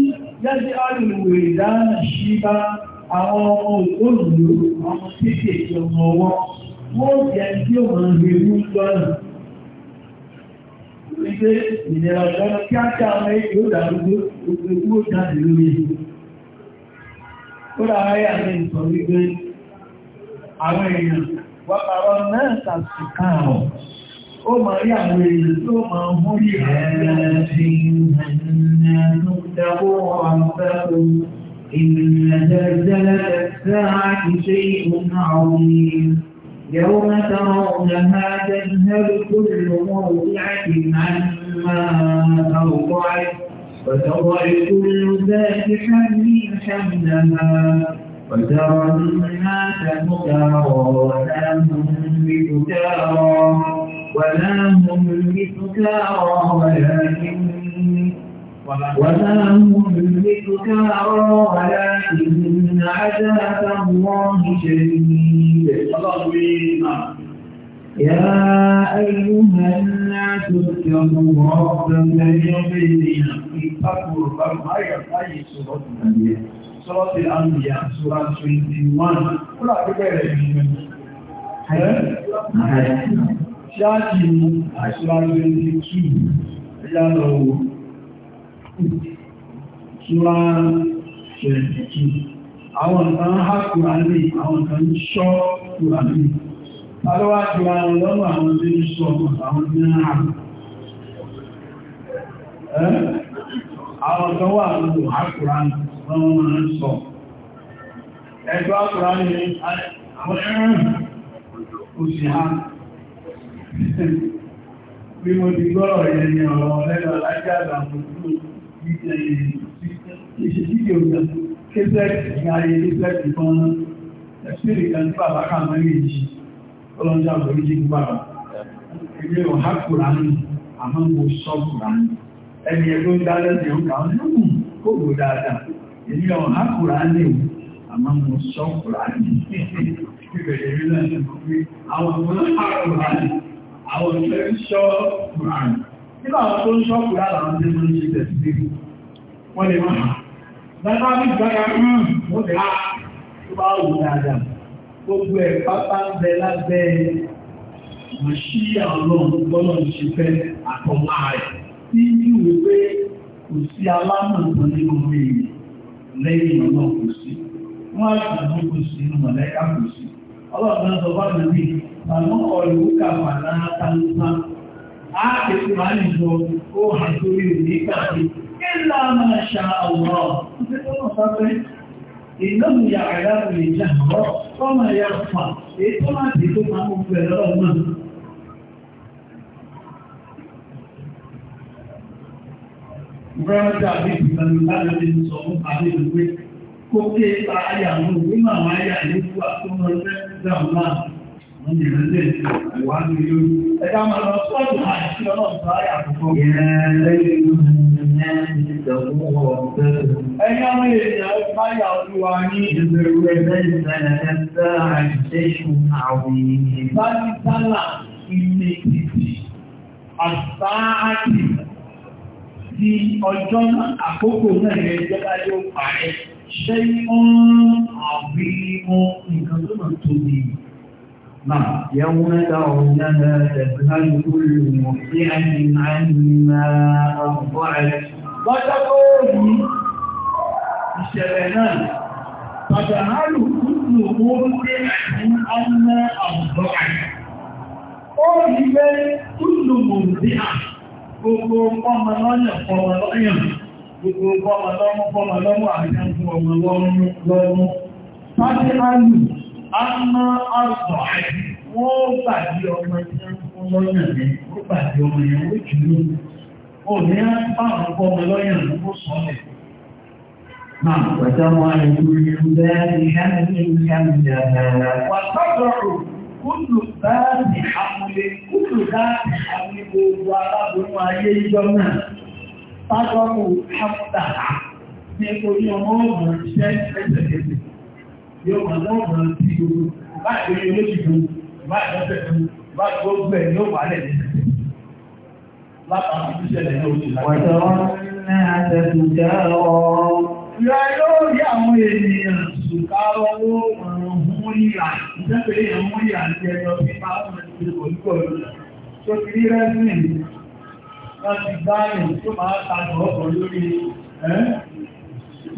Speaker 1: يجعل àjẹ́kèdè ìjọ́ àwọn ọmọ òṣòlù ọmọ kéékèèké ọmọ ọwọ́ wọ́n jẹ́ tí ó máa ń rí mú lọ́nà wípé ìnira ọ̀dọ́nà kí á kí àwọn èyí ó dàrúgbó ogbogbo jáde lórí ìlú ó dára yà ìsọ̀ wípé àwọn èèyàn wàpàrọ̀ náà tàṣùkà ọ̀ ó ma rí àwọn èèyàn tó ma ń mú rí ẹ̀ẹ́rẹ́ sí ìrìnàjò إن زلزلة الساعة شيء عظيم يوم ترونها تذهب كل موضعة عما أوضعت وتضع كل ذات حمل حملها وترى الناس سكارى هم بسكارى ولا هم بسكارى ولكن وما هم بسكارى ولكن عذاب الله شديد يا أيها الناس اتقوا ربكم الذي اتقوا ربكم أي سورة الأنبياء سورة الأنبياء سورة 21 كل أكبر شاكي سورة 22 لا نور Súra 22. Àwọn kan há Kùránì, àwọn kan ṣọ́ Kùránì. Tàlọ́wà jù àwọn lọ́nà àwọn tí ń sọ àwọn tí ń hàn. Àwọn kan wà lọ́nà há Kùránì, wọ́n máa ń sọ. Ẹgbẹ́ Kùránì ni àwọn ẹ̀rùn kò sí há bí ìṣe fídíò kan kéṣẹ́ẹ̀kì ní ayé kéṣẹ́ẹ̀kì kan ẹ̀sìrì kan tí bàbá kan mọ́ ní ìjì ọlọ́njà lórí jí bàbá ẹgbẹ́ ọ̀há kùránì àmọ́ mo sọ kùránì ẹni ẹgbẹ́ ń dálẹ́ ní ọkà ọdún kò gbò dáadáa èmi ọ̀há kùránì o àmọ́ mo sọ kùránì ìbẹ̀rẹ̀ rí náà ní àwọn ọmọ náà kùránì àwọn ọmọ náà sọ kùránì nínú àwọn tó ń ṣọ́pù lára àwọn tí wọ́n ṣe tẹ̀sí sí wọ́n lè máa dáadáa bí gbára hmm, wọ́n lè á ah, tó bá wù dáadáa gbogbo ẹ̀ pápá ń bẹ lábẹ́ mọ̀ sí àwọn gbọ́nà ṣe fẹ́ àtọ́mọ́ rẹ̀ tí yíò wípé kò sí alámọ̀tọ́ nínú èèyàn lẹ́yìn ọ̀nà kò sí wọ́n á sì mú kò sí mọ̀lẹ́ká kò sí ọlọ́ọ̀dọ́ sọ bá mi rí àwọn ọ̀rẹ́ òkà a kìí máa ń jọ ó hàn sórí òní kàfí ilá máa ṣa àwòrán ìlọ́mù ya àyà rẹ̀ jẹ́ àwọ̀ ọmọ ya fà ha tó máa ti tó máa ń fẹ́ lọ́wọ́ náà Brọ́dá bí ìgbàlú lábẹ́ ní sọ fún àbí ìwé kó kéèta ayà mú nínú àwọn ayà ìlú ìrìnlẹ̀ ìwádìí lórí. Ẹja máa lọ sọ́ọ̀tù láì sí ọlọ́ọ̀tọ́ ayà àkọ́kọ́. Ẹ̀yà ọmọ èèyàn báyà olúwa ní ìbẹ̀rù ẹgbẹ́ ìsẹ̀lẹ̀ẹ́sẹ̀ àìṣẹ́ṣù àwọn èèyàn. Bá ti sálà ilé títì, àtàáàtì ti ọjọ́ àkókò náà yẹ jẹ́ láyé ó parẹ́. Ṣé ń àwọn ìmọ̀ nǹkan tó máa tóbi yìí? نعم يوم ترونها تذهل كل مرضعة عما أرضعت فتقول الشباب فتذهل كل مرضعة عما أرضعت قول كل مرضعة gbogbo ọmọ lọ́yàn fọmọ lọ́yàn gbogbo ọmọ lọ́mú fọmọ lọ́mú àti ẹ̀kùn ọmọ lọ́mú lọ́mú. Fájí Alù a mọ́ ọ̀sọ̀ wọ́n gbàdí ọmọ ìṣẹ́ fún lọ́yàn ní ó gbàdí ọmọ ìyẹn ó jù ú ó ní á bá àwọn ọmọ lọ́yàn ó sọ́lẹ̀ وتضع كل ذات حمل حملها كل ذات حمل كل ذات حمل ورب ويجمع تضع حملها nítorí ọmọ ọmọ ìṣẹ́ ìṣẹ́sẹ̀kẹsẹ̀ yóò máa lọ́wọ́ ti gbogbo báyìí lórí olóṣìṣẹ́ báyìí lọ́sẹ̀ tó báyìí gbogbo ẹ̀ yóò wà lẹ̀ nísìsiyìí. Látàrí ìṣẹ̀lẹ̀ yóò ti lágbàá. Wàjọ́ ní àtẹ̀tùjẹ́ ọ. Ìyá yóò rí àwọn ènìyàn sùkárọ̀ owó ọ̀rùn mú ìyà. Ìjẹ́pẹ̀ èèyàn mú ìyà ní kò lónìí. Tó ti rí rẹ́sìn láti gbáyìn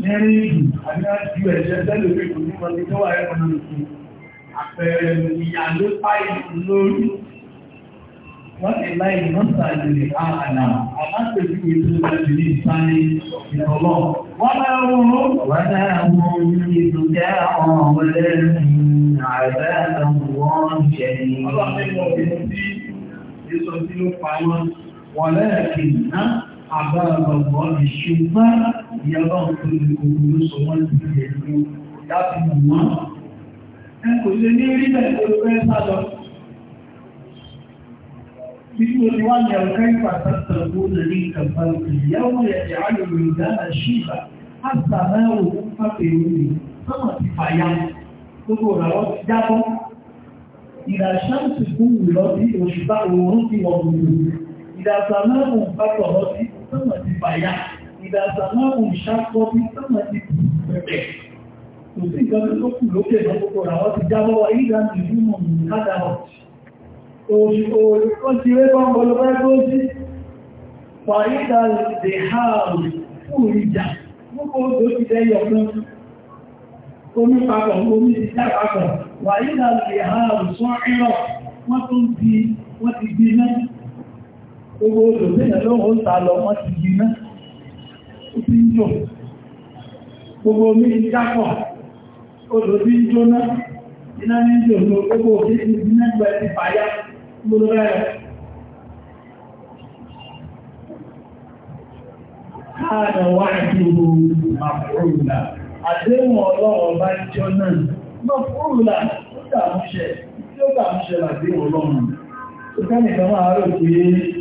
Speaker 1: ní rí ìlú àti láti ẹ̀ṣẹ́ tẹ́lẹ̀ pé kò ní wọ́n tó wà ẹ̀kọ́nà lókè àpẹẹrẹ ìyà ló páì lórí wọ́n ti láì mọ́sàlẹ̀ àhànà àmásẹ̀jú ètò ìgbàlẹ̀ ìsáni ìrọ̀lọ́ wọ́n máa ń wọ́n wọ́n náà wọ́n ètò jẹ́ àwọn ọmọdé àìbẹ́ àtàwọn jẹ́ni. ọlọ́pẹ́ àbáàbọ̀ ìṣùgbọ́n ìyàbá òkúrò òkúrò sọ wọ́n ti rẹ̀ ló láti mọ̀ wọ́n. ẹ kò lè ní rí bẹ́ẹ̀ tó fẹ́ sálọ. Títí ni wọ́n yẹ ọ̀kẹ́ ìpàtàkì ọ̀gbọ́n ní ìkàbá ìyàwó ẹ̀jẹ̀ ayòrò ìdáná ṣìbà àtàmẹ́wò fàfẹ́rù rẹ̀ sọ́nà ti fàyà gbogbo ìràwọ̀ ti jábọ́. Ìràṣà ti kú ìlọ́sí òṣùpá òórùn ti wọ̀ gbogbo. Ìdàgbàmẹ́wò fàfẹ́rù rẹ̀ sánmà ti fàyà ìdàsàmà òṣàkọ́ bí sánmà ti pẹ̀pẹ̀ kò sí ìgbàmí tó kù lókè lọ́pọ̀ àwọn ti jábọ́ ìdáǹdì mímọ̀ nígbàdà ọ̀tí Omi papọ̀, omi ti já papọ̀, wà ní ìlàlẹ̀ ààrùn sọ ẹ̀rọ, wọ́n tó ń di, wọ́n ti gbiná gbogbo òṣèlú lóhun ta lọ wọ́n ti gbiná ti ń jò gbogbo omi jápọ̀ odò tí ń jóná iná ní jò ló gbogbo òfin ti gbiná gbẹ ti fàyà gbogbo rẹ̀ káàdà wà ìdúró màfúrúlà àdéhùn ọlọ́run bá jọ náà màfúrúlà ó dàmúṣẹ tí ó dàmúṣẹ làdéhùn ọlọ́run ó nìkan máa rò pé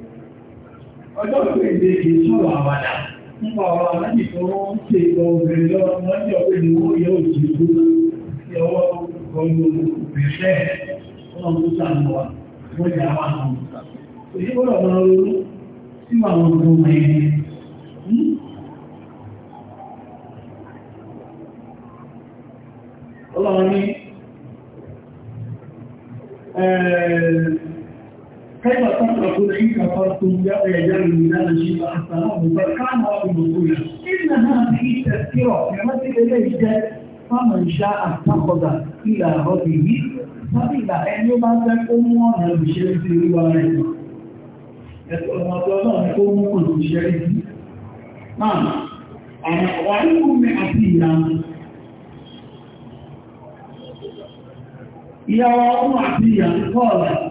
Speaker 1: ọjọ́ ìpèdè kìí sọ̀rọ̀ àwàdà nípa ọ̀rọ̀ aláàjì tó ń ṣe ìgbọ̀ obìnrin lọ́wọ́ lọ́jọ́ pé ní owó yóò ti kú ọlọ́run tó sàánú كيف تتركون إن كفرتم يجعل الميلاد شيئا حتى نعبد فكان رب مسؤولا إن هذه تذكرة نعمت إليه فمن شاء اتخذ إلى ربه سبيلا أن يبعث أمونا بشرك رواية Ìyàwó ọmọ àti ìyàwó kọ́ọ̀lá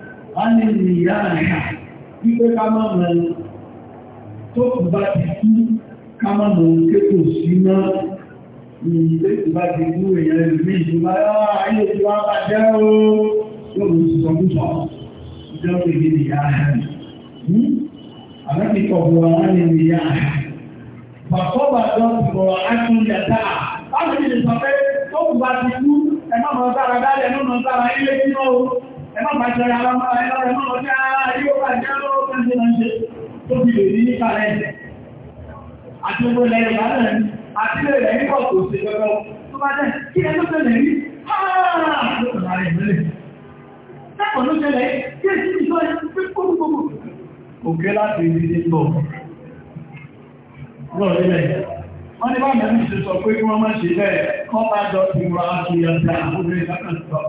Speaker 1: wọ́n ní ìyá àṣà wípé ká mọ́ mọ́ tó kù bá ti kú ká mọ́ mọ́ kékò sí náà ìlé ìbá ti kú èèyàn ìlú ìjọba ayé tí hmm? wọ́n bá jẹ́ ó yóò mú sọ̀kúsọ̀ ìjọba ìdí ìyá àṣà àbẹ́bí kọ̀ọ̀bọ̀ wọn ní ìyá àṣà Bàbá dọ́gbọ̀ akúnyàtà. Báwo ni ìsọ̀fẹ́ tó kù bá ti kú, ẹ̀ máa mọ̀ sára dálẹ̀, ẹ̀ máa mọ̀ sára ilé nínú ẹmọ́ pàṣẹrẹ alámọ́ra ṣe tó fi lè ti bọ̀. Lọ́ọ̀rẹ́ bẹ́ẹ̀, wọ́n ní báwọn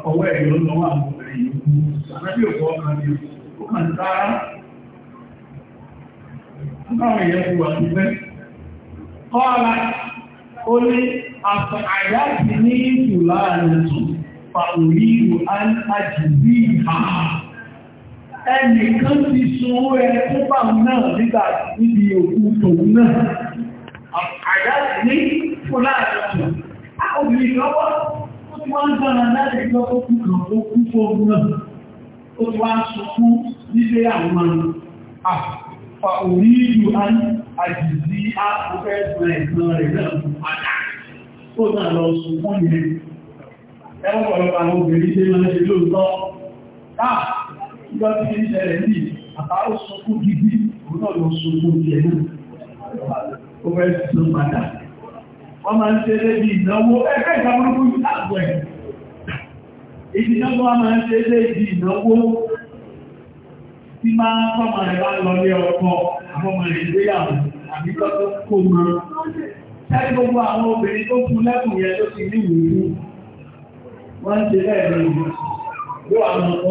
Speaker 1: ọwọ́ ẹ̀yọ́ lọ́wọ́ àbúrò àmẹ́bí òkú ọmọ ni ó kàn dára láwọn èèyàn ti wà síbẹ̀ kọ́ra ó ní àyàtì ní ìtùlá àrẹ̀tù pàtòrí ìlú àjìbí ìhà ẹnìkan ti sanwó ẹ tó bá náà nígbà níbi òkú tòun náà àyàtì ní ìtùlá àrẹ̀tù tí wọ́n ń gbọ́nà láti gbọ́ tó kú kan ó kú fóògùn náà ó ti wá ń sọkún nílé àwọn àfà orí ìlú àjìzí àkókẹ́ ẹ̀sán rẹ̀ náà padà ó náà lọ sọkún yẹn ẹwọ́n pọ̀lọpọ̀ àwọn obìnrin tí wọ́n ṣe lóòótọ́ táà nígbà tí ń ṣẹlẹ̀ ní àbárò sọkún gidi òun náà lọ sọkún yẹn náà ó fẹ́ sọ padà wọ́n máa ń ṣe lébi ìnáwó ẹgbẹ́ ìgbàmọ́rúkú ìtàkù ẹ̀ ìdí máa ń ṣe lébi ìnáwó tí máa ń fọ́mà rẹ̀ bá lọ lé ọkọ̀ àfọ́mà rẹ̀ ìgbéyàwó àbí tọ́tọ́ mọ́ gbogbo àwọn obìnrin tó lẹ́kùn yẹn tó ti ṣe yóò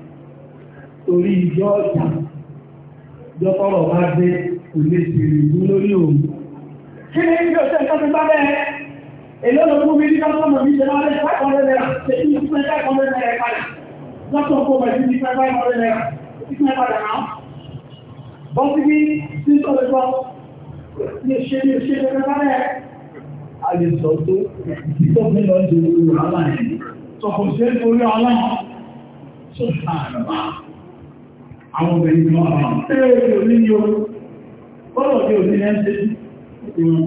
Speaker 1: torí ìjọ ọ̀tà jọ́kọ́rọ̀ bá dé kò lè tèrè ìlú lórí òun. Kí ni ìjọ ọ̀tà ìjọ ti bá bẹ́ẹ̀? Èló ló fún mi ní káwọn ọmọ mi ṣe máa lé five hundred naira, ṣe kí ni fún five hundred naira padà? Lọ́tọ̀ kó bẹ̀ sí ní five hundred naira, kí ni padà náà? Bọ́ sí bí sí sọ̀rọ̀ sọ, ní ṣe ní ṣe ní fẹ́ bẹ́ẹ̀. A lè sọ tó, tó fi lọ jẹ́ orí ọ̀la yẹn, tọkọ̀ sí orí ọ̀la yẹn, tó sàn àwọn obìnrin kan àwọn ẹ̀rẹ́ òní ni ó bọ́lọ̀ ní òní ẹ́ ṣe ìwọ̀n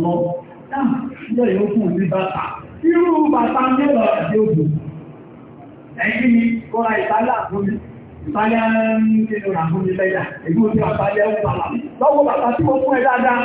Speaker 1: kan náà ìjọ yóò fún ní bàtà irú bàtà mẹ́lọ àti òbò ẹ̀yìn ni kọ́ra ìbálẹ̀ àfúnni ìbálẹ̀ nínú àfúnni lẹ́yà èyí ó ti àbálẹ̀ ó pàlà lọ́wọ́ bàtà tí wọ́n fún ẹ dáadáa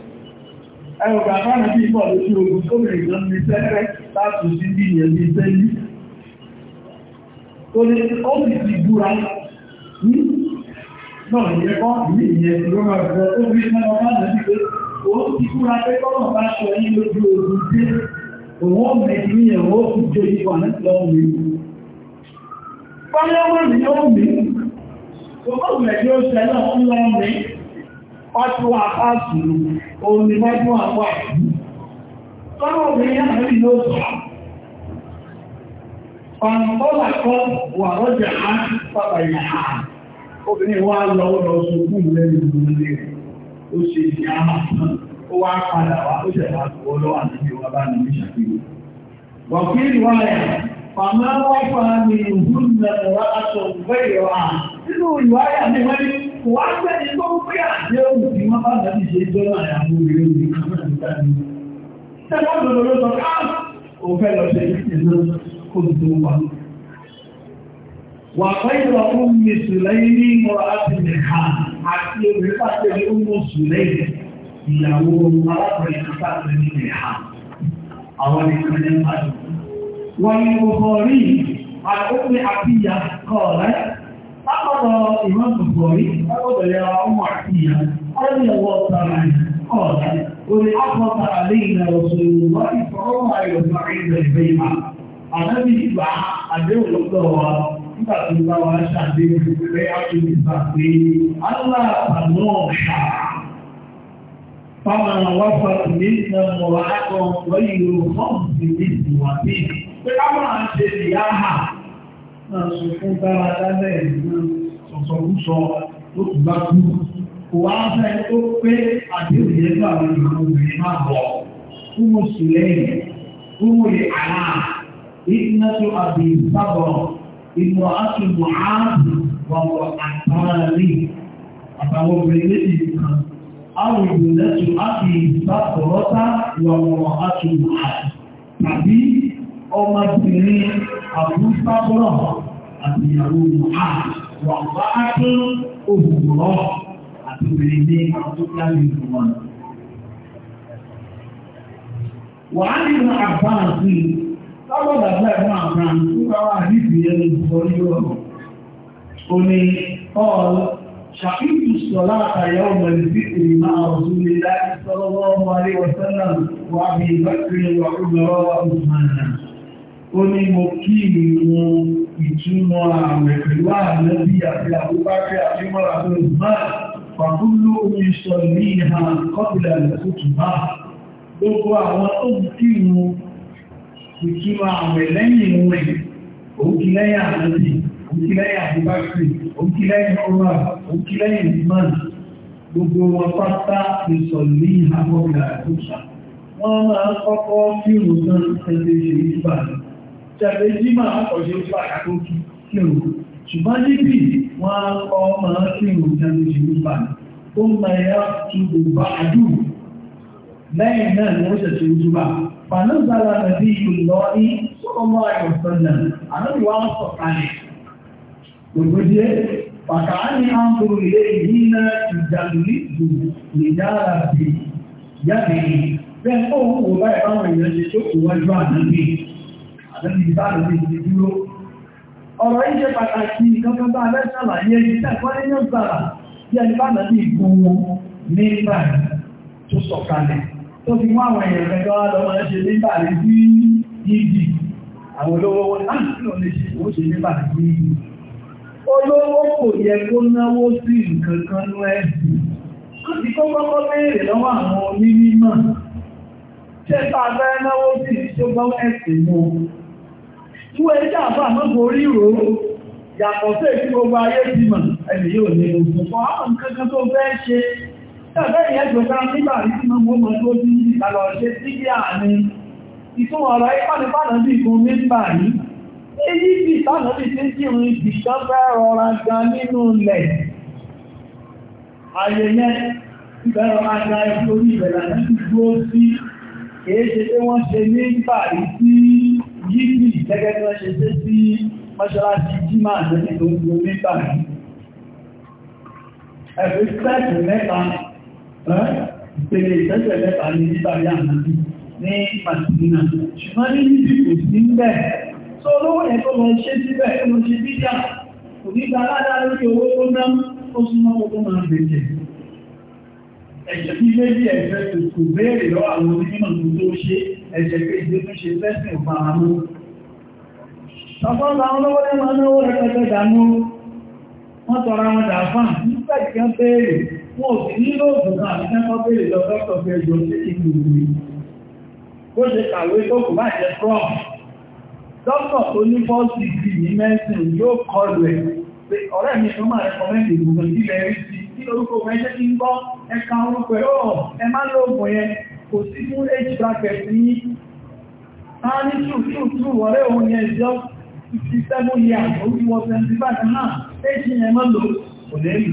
Speaker 1: ẹgbà náà ní bí ìbọ̀ lójú ogun tó rìn lọ ní sẹ́rẹ́ láti sí bí ìyẹn ní sẹ́yí tó ní ó sì ti búra ní náà ìyẹn kọ́ ní ìyẹn tó rọ̀ rẹ̀ tó rí mẹ́rọ bá nà wípé ó ti búra pé kọ́nà bá ṣọ yí lójú ogun dé òun ó mẹ́ ní ẹ̀wọ́ ó sì jó yípa ní lọ́wọ́ Báyọ́wọ́ ni ó mi, gbogbo ìrẹ̀jọ́ ṣẹlẹ̀ ń lọ mi, ọjọ́ àpá àṣìlú òun ni wọ́n fún àwọn àìsí. Sọ́nà obìnrin náà rí ló sọ. Pàǹkọ́là kọ́ wà lọ́jà á pàpà ìyá. Obìnrin wa lọ lọ sókún lẹ́nu ìdílé. Ó ṣe ìdí àmà fún ó wá padà wá ó ṣẹ̀ wá kó lọ́wọ́ àti ìwà bá nìyí ṣàkíyèsí. Wàkíl wáyà Fàmá wọ́n fa mi ìhùn mẹ́rin wá aṣọ ìgbẹ́ ìrọ̀ àà. Nínú ìwáyà ni wọ́n ní kò wá sẹ́ni tó ń pè àdéhùn tí wọ́n bá dàbí ṣe jọ́ láàrin àwọn obìnrin òbí kan náà nígbà ní. Sẹ́wọ́n lọ́dọ̀ ló sọ ká ò ah, fẹ́ lọ ṣe ìṣẹ̀lẹ̀ kó tó wà. Wà pẹ́yìn lọ fún mi Sùlẹ́yìn ní ìmọ̀ láti nìka àti obìnrin pàṣẹ ní ọmọ Sùlẹ́yìn ìyàwó alákùnrin kan pàṣẹ ní nìka. Àwọn nìkan ní ń Wọ́n ní mo rí àkókò àbíyá kọ̀ láti ya ọrụ ihe ihe aaaaaaaaa aaaa aa a náà sọ fún bára lálẹ́ ìlú ọ̀sọ̀rúsọ tó tún bá kú. Kò wá fẹ́ tó pé àdéhùn yẹn bá àwọn ìlú obìnrin máa bọ̀. Fúnmu Sùlẹ́yìn, Fúnmu lè àlá, Ìdínátò àbí ìsábọ̀, ìmọ̀ àtúntò ààbò wọ̀wọ̀ àtàrí àtàwọn obìnrin méjì kan. Àwọn ìdínátò tàbí ọmọbìnrin àbúrúsábọ́rọ̀ àti ìyàwó mọ̀há wà bá tún òbúrọ̀ àti obìnrin ní àtúntàlẹ̀ ìgbìmọ̀. Wà á ní ìwọ̀n àbára sí i, sábọ̀ dàgbà ẹ̀fọn àbára tó bá wà ní ìfìyẹ́ ní ìfọ̀rí ọ̀rọ̀. Ó ní Paul شقيت الصلاة يوم الفطر مع رسول الله صلى الله عليه وسلم وأبي بكر وعمر وعثمان ó ní mo kí ìwọ̀n ìtumọ̀ ààrẹ pẹ̀lú àmẹ́bí àti àbúbákẹ́ àti mọ́ra tó máa pàkúlò omi sọ ní ìhà kọ́pìlà lẹ́kùtù máa gbogbo àwọn tó kí ìwọ̀n ìtumọ̀ ààrẹ lẹ́yìn ìwọ̀n òkì lẹ́yìn àmẹ́bí òkì lẹ́yìn àbúbákẹ́ tẹ̀lé jímà ọ̀ṣẹ́ òṣìṣẹ́ àkàtó kí òun ṣùgbọ́n níbi wọn kọ́ máa kí òun tẹ̀lé jímà ó máa yá tu gbogbo àdú lẹ́yìn náà ni wọ́n ṣẹ̀ṣẹ̀ jímà fanáàzára nàbí ìlọ́ ní ọmọ àyọ̀sọ́nà àlọ́wọ́ sọ̀kalẹ̀ gbogbo díẹ̀ fàkàánì àǹkùrù ilé ìyínà ìjàlùlí jù nìjára bí yàgbé bẹ́ẹ̀ fóun wò báyìí báwọn èèyàn tó kò wájú ànábì lẹ́nu ìbáàrùn ní ìdí dúró. Ọ̀rọ̀ yìí ṣe pàtàkì kankan bá alẹ́sàlà yẹ ní tẹ́kọ́ nínú ìgbàlà bí ẹni bá nàbí ìgbòho ní ìgbà tó sọ̀kalẹ̀. Tó fi mú àwọn èèyàn kẹjọ lọ́wọ́ ṣe nígbà rí bí ìdí àwọn olówó wọn láti sí òun lè ṣe ó ṣe nígbà rí bí ìdí. Olówó kò yẹ kó náwó Ṣé bá a fẹ́ sí ìṣógbọ́n ẹ̀sìn mu? tú ẹjẹ́ àbá mọ́gbò orí ìrò yàtọ̀ sí èkí gbogbo ayé ti mọ̀ ẹni yóò ní òṣùpọ̀ àwọn kankan tó fẹ́ ṣe tẹ́lẹ̀ ìyẹn jọba nígbà rí sí mọ́ mọ́ tó ní ìtàlọ̀ ṣe síbí àní ìtún ọ̀rọ̀ ipánipánà bí ìkún nígbà rí èyí bí ìtànà bí ti ń kírun ìdìkan fẹ́ rọra gan nínú ilẹ̀ ayé yẹn ìbẹ̀rọ̀ ajá ẹgbẹ́ orí ìbẹ̀rẹ̀ àti ìgbó sí kìí pé wọ́n ṣe nígbà rí sí yìí gẹ́gẹ́ tí wọ́n ṣe ṣe sí mọ́ṣáláṣí jímà lẹ́ni tó ń gbò nígbà ẹ̀fẹ́ sẹ́ẹ̀tì mẹ́ta ìpele ìtẹ́sẹ̀ mẹ́ta ní nígbà yà ní Màtìlínà ṣùgbọ́n ní níbi kò sí ń bẹ̀ tó olówó yẹn tó lọ ṣe síbẹ̀ tó lọ ṣe bíjà kò ní gba aládá lórí owó tó ná ó súnmọ́ owó máa bẹ̀jẹ̀ ẹ̀jẹ̀ bí méjì ẹ̀fẹ́ kò béèrè lọ àwọn onímọ̀ tó ṣe ẹ̀ṣẹ̀ pé ìdíkún ṣe fẹ́sìn ìpamọ́ ọ̀pọ̀lọpọ̀ àwọn olówó lẹ́mọ náwó rẹpẹtẹ dànù wọ́n tọrọ àwọn dàfà nígbà tí wọ́n béèrè wọn ò sí nílò òògùn náà àti kẹ́kọ̀ọ́ béèrè lọ dọ́kítọ̀ fẹ́ jọ sí ìlú mi bó ṣe kàwé tó kù má jẹ trump dọ́kítọ̀ tó ní fọ́ọ̀sì sí ní mẹ́sìn yóò kọlu ẹ̀ pé ọ̀rẹ́ mi tó máa rẹkọmẹ́ndì ìgbòho sílẹ̀ rí sí kí lórúkọ mẹ́jẹ́ kí ń gbọ́ ẹ̀ka orúkọ ẹ̀ ẹ má lóògùn yẹn kò sí fún age bracket ní a ní ṣùṣùṣù wọ̀rẹ́ òun yẹn jọ 67 years ó ti wọ 75 náà age yẹn mọ́ lò kò lè lò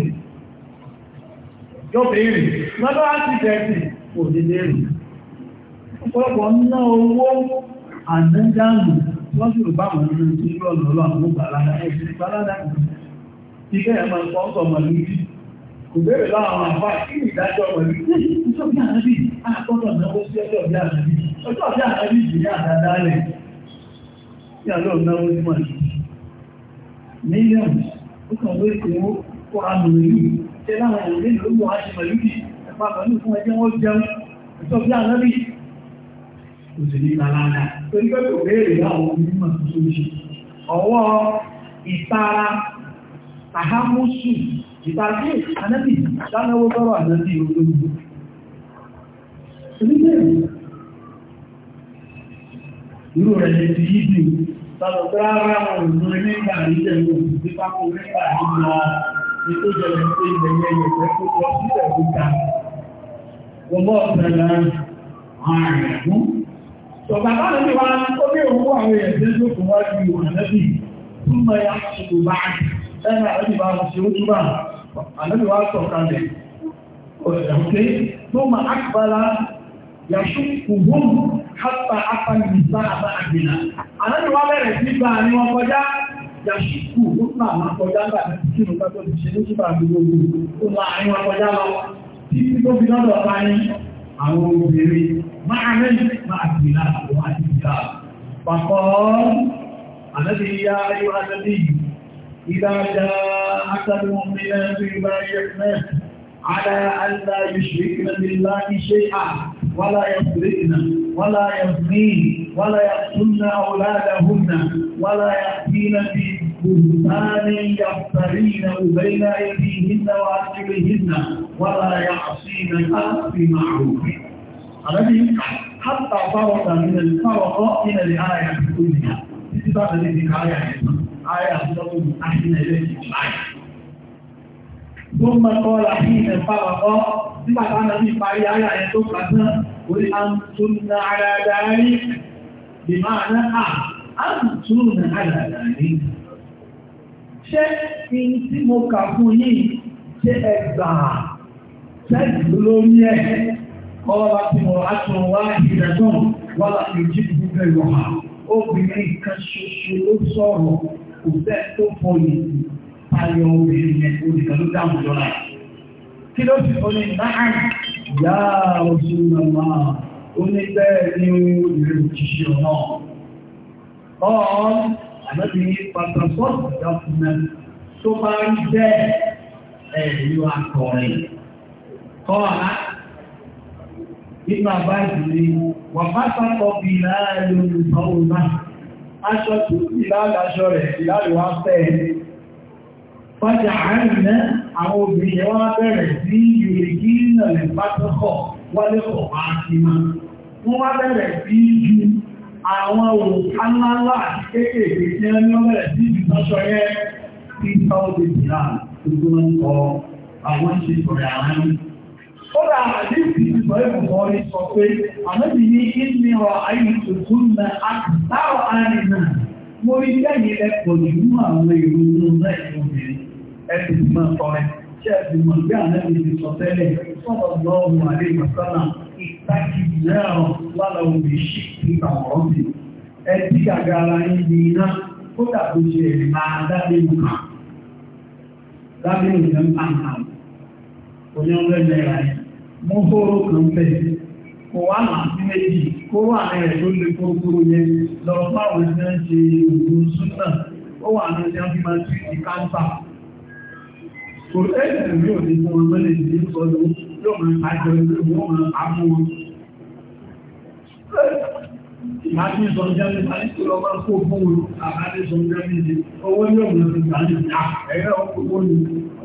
Speaker 1: yóò béèrè lọ́dọ́ àti tẹ̀sì kò lè lérò ọ̀pọ̀lọpọ̀ ná owó àdẹ́dánù wọ́n sì rò wọn nínú tí ó lọ́lọ́ ìbéèrè láwọn àbá kí ni ìdájọ́ pẹ̀lú ọjọ́ bí ànábì àkọ́tọ̀ náwó sí ọjọ́ bí ànábì ọjọ́ bí ànábì yìí ní àdáadáa rẹ̀ tí àlọ́ náwó ní mọ̀ mílíọ̀nù ó kàn wé pé ó kó àmì ìlú ṣe láwọn òní ló mú àṣẹ pẹ̀lú kì ẹ̀fà pẹ̀lú fún ẹjẹ́ wọ́n jẹun ọjọ́ bí ànábì kò sì ní kàlàlà torí pé kò béèrè láwọn onímọ̀ tó ṣe ọwọ́ ìtara àhámúsù ìtàkì ànẹ́bì dánáwó tọ́rọ ànẹ́bì olóògbò irú rẹ̀ lè ti yí bí sàbọ̀tọ́ ara wọn ìlú nígbà ìjẹ̀ ìlú ti pápó nígbà ìgbà ètò jẹ̀lẹ̀ àlẹ́lùwà sọ̀kalẹ̀ ọ̀sẹ̀ọ̀kẹ́ tó ma àkbára yàṣù kùgbùn hápa apanìsá àbá àgbìnà àlẹ́lùwà bẹ̀rẹ̀ sí bá ní wọn kọjá yàṣù kùgbùn náà wọn kọjá gbà ní kí ló bá tó ti ṣe ní kíbà gbogbo tó láàrin wọn kọjá lọ títí tó fi lọ́dọ̀ bá ní àwọn obìnrin máa rẹ̀ máa gbìnà àwọn àti ìgbà pàkọ́ àlẹ́lùwà ayọ́ àlẹ́lùwà إذا جاءك المؤمنات يبايعنه على أن لا يشركن بالله شيئا ولا يسرقن ولا يزنين ولا يقتلن أولادهن ولا يأتين في بهتان يفترينه بين أيديهن وأرجلهن ولا يعصينك في معروف حتى فرق من الفرق من الآية الدنيا. في is الذكريات aya سورة أحسن إليك الآية ثم قال حين فرق nígbà tá náà ní parí ayá ẹ̀ tó kàtán orí àmtúnnà ara dárí lè máa ná à àmtúnnà ara dárí in kan kò fẹ́ tó fọ yìí ayọ̀ obìnrin yẹn olùkọ́ ló dáhùn jọra. kí ló fi ọ ní náà ìyá oṣù màmá onígbẹ́ ní ìrìn òṣìṣẹ́ ọ̀nà. ọ̀ọ́n àbẹ́bí pàtàkì ìdáfúnná tó bá ń bẹ́ ẹ̀yọ akọrin. kọ́ ọ̀la nínú àbáyé ni wàhálà kọ́ bí láàárín olùkọ́ òun náà aṣọ tó ìlàláṣọ rẹ̀ ìlàlùwà fẹ́ Fájá àrìnà àwọn obìnrin wá bẹ̀rẹ̀ sí Yorùbá ìnàlẹ̀ pátákọ̀ wálẹ́kọ̀ àti máa. Wọ́n wá bẹ̀rẹ̀ sí ju àwọn òkà ńláńlá àti kéèkèé tí wọ́n ní ọmọ rẹ̀ sí ìdúnáṣọ yẹn tí ó ó ra àdéhùn ìgbà ìbùkọ́ rí sọ pé àmọ́bí ní ìnira ayé tuntun na àtàwọn àárín náà mo rí lẹ́yìn ẹ̀pọ̀ nínú àwọn ìrònú náà ìrònú ẹ̀sìn ti máa kọrin ṣé ẹ̀sìn mọ̀ bí ànábì ti sọ tẹ́lẹ̀ sọ̀rọ̀ lọ́wọ́ àdéhùn sọ́nà ìtàkìjì náà lálẹ́ òbí ṣì ti tàwọ̀rọ̀ sí ẹ̀sìn gàgàrà yìí ní iná kó dàbò ṣe máa dábìlù kan dábìlù kan àǹfààní oníwọ̀n náírà wà ní ẹ̀ tó lè ó ti káńtà kò ẹ̀sìn rí òní fún wọn mẹ́lẹ̀ ìdí sọ́dọ̀ yóò máa àjọ ìlú wọn máa àmú wọn. Ìmájú ìsọ̀njẹ́lẹ̀ máa ń kó fún wọn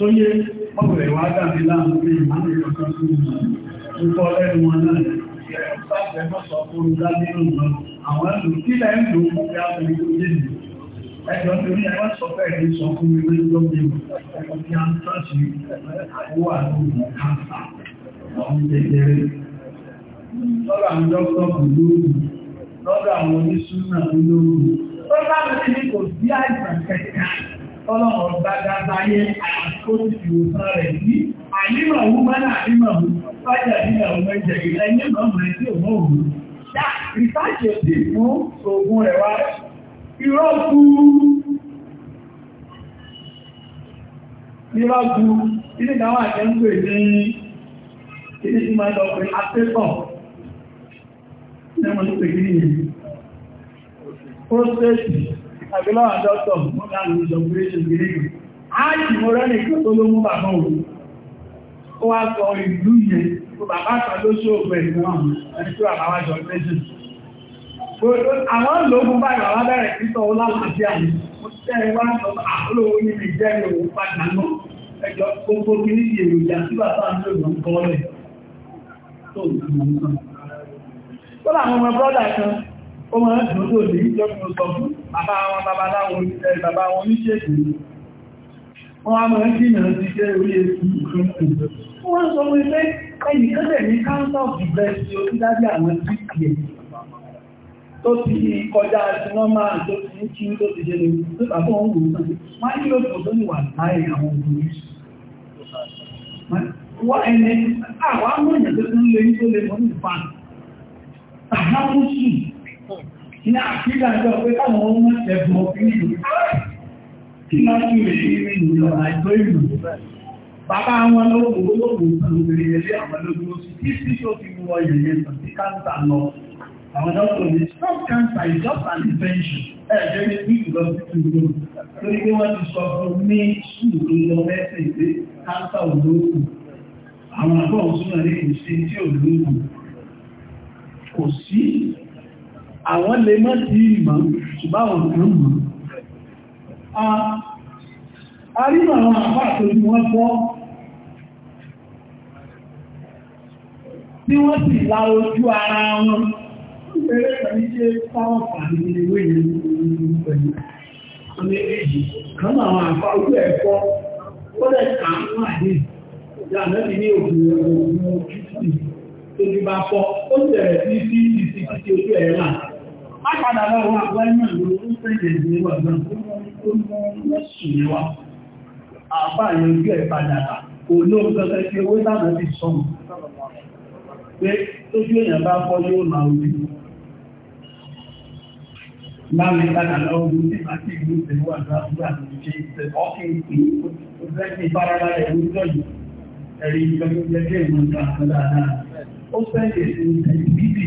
Speaker 1: tó yé ọkùnrin wá dàbí láàrín pé ìmánà ìjọba tó ń sọ ń kọ́ lẹ́nu wọn náà ìrẹ̀lẹ́pàá ẹ̀mọ́sọ̀ fún ìdádínú wọn àwọn ẹ̀lú sílẹ̀ ń lò ó fẹ́ àwọn ìgbòjì ẹjọ́ torí ẹwà sọ bẹ́ẹ̀ ní sọ fún mi lójọ́ mi ẹ̀kọ́ tí a ń tọ́jú àwọ́ àlóògùn káńtà àwọn jẹjẹrẹ kò sí àìsàn kẹta ọlọ́run bá dáadáa ayé àyàkó ti fi òsán rẹ̀ sí ànímọ̀ òun mọ́ náà ànímọ̀ òun fájà nílẹ̀ òun ẹ̀jẹ̀ ìlẹ̀ ní ìmọ̀mọ̀ ẹ̀ tí òun òun dá ìsáàjì òsì fún oògùn rẹ̀ wá ìrọ́kú ìrọ́kú ilé ìdáwọ̀ àjẹ́ ń pè ní ilé ìmọ̀ ẹ̀dọ̀ pé atẹ́kọ̀ ní ọmọ tó pè kí ní ìrìn àgbélọ́wà dọ́tọ̀ wọ́n láàrin ìjọgbéréṣìn gírígì áàkì mo rẹ́ nìkan tó ló mú bàbá òun ó wá sọ ìlú yẹn tó bàbá kan ló ṣóògbẹ̀ ìgbọ́n ẹni tó bàbá wájọ méjì àwọn lóògùn báyìí bàbá bẹ̀rẹ̀ títọ́ láwùjá mi mo tẹ́ wá sọ àlóòwò ní ìjẹ́ ìwò padà náà ẹjọ́ gbogbo kí ní èròjà tí bàbá ń lò ń kọ́ lẹ̀ tó ìgbìmọ̀ nǹkan. Tó làwọn ọmọ brọ́dà kan ó máa ń dùn lò lè lọ́pùn sọ fún bàbá wọn babaláwọn bàbá wọn oníṣègùn wọ́n á máa ń dínà ti jẹ́ orí èsì ìfúnkù wọ́n sọ wí pé ẹnìkan lè ní council of the best tí ó ti dájú àwọn tíkì ẹ̀ tó ti kọjá sí nọ́mà tó ti ń kí tó ti jẹ́ lè tó bàbá wọn wò sàn wọ́n ní òkú tó ní wà láì àwọn obìnrin wọ́n ẹni àwọn amóyàn tó ti ń lè ní tó lè mọ́ ní ìfàn àhámúsù ní àfíìdájọ́ pé káwọn ọmọ ẹ̀bùn ọkùnrin kí máa ń rí rí ìlú àìtó ìlú bàbá wọn lóògùn olóògùn olóògùn ilé àwọn olóògùn sí títí tó fi wọ ìrìnlẹ̀ sí káńtà lọ àwọn dọ́kọ̀ ní stop cancer is just an invention ẹ̀ẹ́dẹ́ ní bí ìlọ sí ìlú lórí pé wọ́n ti sọ fún ní sùúrù lọ mẹ́sìn pé káńtà olóògùn àwọn àbọ̀ òṣùnà ní kò sí tí olóògùn kò sí àwọn lè mọ́ sí ìmọ̀ ṣùgbọ́n àwọn kan mọ̀ a rí àwọn àpá àtòjú wọn bọ́ tí wọ́n sì la ojú ara wọn pẹ̀lẹ́ pẹ̀lú ṣe fáwọn pàdé ìwé ìlú pẹ̀lú ọmọ èjì kan àwọn àpá ojú ẹ̀kọ́ ó lẹ̀ kà ń wà ní ìjànẹ́bí ní òkú ojú tó ti bá fọ́ ó bẹ̀rẹ̀ sí sí ìsìnkú ojú ẹ̀rọ á padà lọ wọ àwọn ẹ̀mọ̀ ìlú ó tẹ̀lé ní wà náà ó mọ sùn ní wa àbá yẹn ojú ẹ̀ padà kò lóun kankan tí owó sáà ti sọnù pé tójú èèyàn bá fọ́ yóò máa wí láàrin ìtàkà lọ́wọ́ ní àti ìlú ìlú àgbàgbà ṣe ṣe ọ́kẹ́ ìpín òṣèlú ìbáraba rẹ̀ ní ìjọ́jú ẹ̀rí ìjọ́jú jẹ́jẹ́ ìmọ̀ ìgbà kan dáadáa ó fẹ́ lè ṣe ìbíbí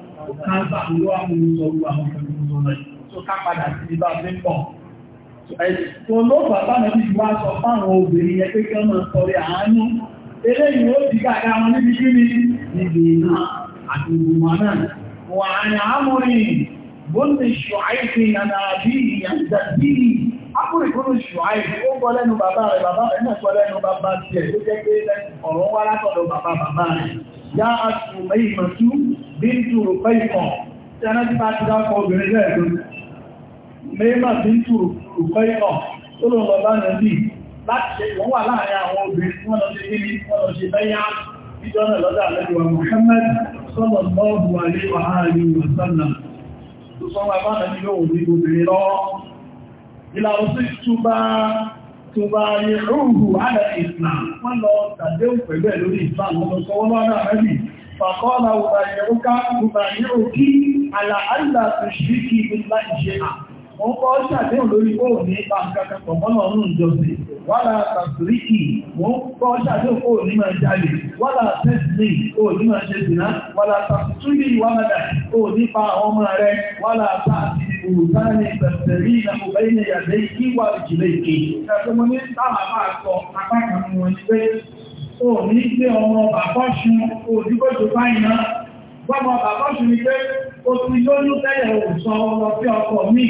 Speaker 1: káńsà ló wà mú sọrú àwọn ìfẹ̀mú rẹ̀ tó ká padà sí ibà fi pọ̀. Tó ló bàbá náà bí wá sọ fáwọn obìnrin yẹn pé kí wọ́n máa sọrí àánú. Eléyìí ó ti gàgà wọn níbi kí ni níbi iná àti ìgbìmọ̀ náà. Wà á ní àmúrin bóńdé ṣùáìfì yàrá bí ìyànjẹ bí Akúrì kúrò ṣùáì, ó gbọ́ lẹ́nu bàbá rẹ̀, bàbá rẹ̀ náà gbọ́ lẹ́nu bàbá tiẹ̀, ó jẹ́ pé ọ̀rọ̀ wá látọ̀dọ̀ bàbá bàbá rẹ̀ yá àtùmọ̀ ìmọ̀tú bí n tùrù pẹ́ ìkọ̀ tí a náà ti bá ti dákọ̀ obìnrin lẹ́ẹ̀dọ́ mẹ́mà bí n tùrù pẹ́ ìkọ̀ tó lọ lọ bá nàbí láti ṣe wọ́n wà láàrin àwọn obìnrin wọ́n lọ sí ilé wọ́n lọ sí túbá tó bá yẹ rúrù ààrẹ ìsìnà wọ́n lọ tàbí pẹ̀lẹ̀ lórí ìsìnà lọ sọwọ́ lọ́nà rẹ̀bì fàkọ́lá wùbàyẹ̀rúká tó ṣíkì ìlà ìṣẹ́ wọ́n kọ́ ṣàdéhùn lórí kó ní pàǹkàkà pọ̀mọ́nà ọ̀run ìjọsìn wàlá tàbíríkì wọ́n kọ́ ṣàdéhùn kó ní máa jalè wàlá tẹ́sìlì kó ní máa ṣe dìná wàlá tàbítúlì wàládà kó nípa ọmọ rẹ wàlá tàbí olùdáni tẹ̀sẹ̀rí ìlàkùnbẹ́ ilẹ̀ yàgbé kíwà ìjìnlẹ̀ èké ṣàtọ́mọ́ ní táwọn máa sọ apá kan wọn ni pé ó ní gbé ọmọ bàbá ṣun gbọ́mọ bàbá ṣun ni pé ti lóyún tẹ́lẹ̀ òṣọ ọmọ sí ọkọ̀ míì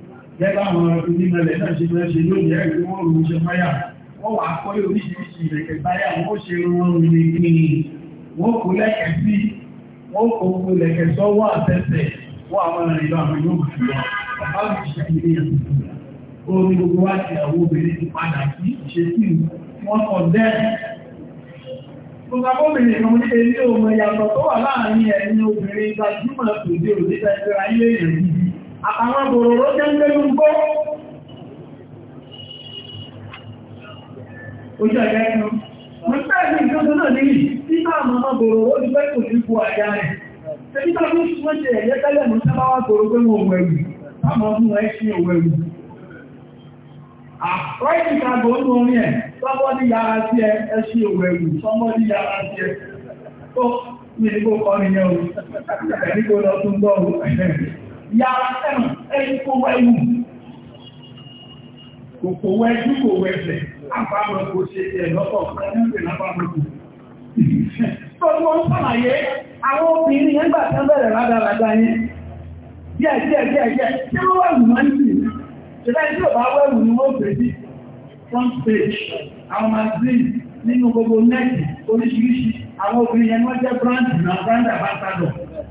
Speaker 1: Jẹ́gbà àwọn ọ̀rọ̀ ní mẹ́lẹ̀ náà ṣe mẹ́ṣe lónìí ẹ̀rí wọ́n rú ṣe fáyà. Wọ́n wà kọ́ oríṣiríṣi ìrẹ̀kẹ̀ táyà wọ́n ṣe rán ní kíni. Wọ́n wọ́n kò gbogbo obìnrin kan ní ilé ọmọ ìyàtọ̀ tó wà láàárín ẹ̀yìn obìnrin gbajúmọ̀ tòde òdíjẹ́ ìrayé èèyàn yìí. àtàwọn bòròrò jẹ́ ń gbọ́ ojú ẹnu náà bòròrò kò kú àjá rẹ̀ tó ẹ̀yẹ́ tẹ́lẹ̀ mú bòrò pé ọmọ ẹ̀ṣin òwẹ̀rù àkọ́ìsì kàgbò ó lóun yẹn sọ́mọ́dí yára sí ẹ ẹṣin òwẹ̀rù sọ́mọ́dí yára sí ẹ ní kọ́ nìyẹn o lọ tún yàrá sẹ́nu ẹni kó wẹ́wù kò wẹ́jú kò wẹ́fẹ̀ àpamọ́ kò ṣe ẹ̀ lọ́pọ̀ ẹ̀ẹ́fẹ̀ lápamọ́ kò tọ́jú wọn sàlàyé àwọn obìnrin yẹn gbà tán bẹ̀rẹ̀ rádaràdà yẹn díẹ̀ díẹ̀ díẹ̀ díẹ̀ tí wọ́n wẹ̀wù máa ń sì ṣẹlẹ̀ tí ò bá wẹ̀wù ni wọ́n fẹ́ sí front page àwọn magazine nínú gbogbo nẹ́ẹ̀tì oríṣiríṣi àwọn obìnrin yẹn wọ́n jẹ́ brand náà brand ambassador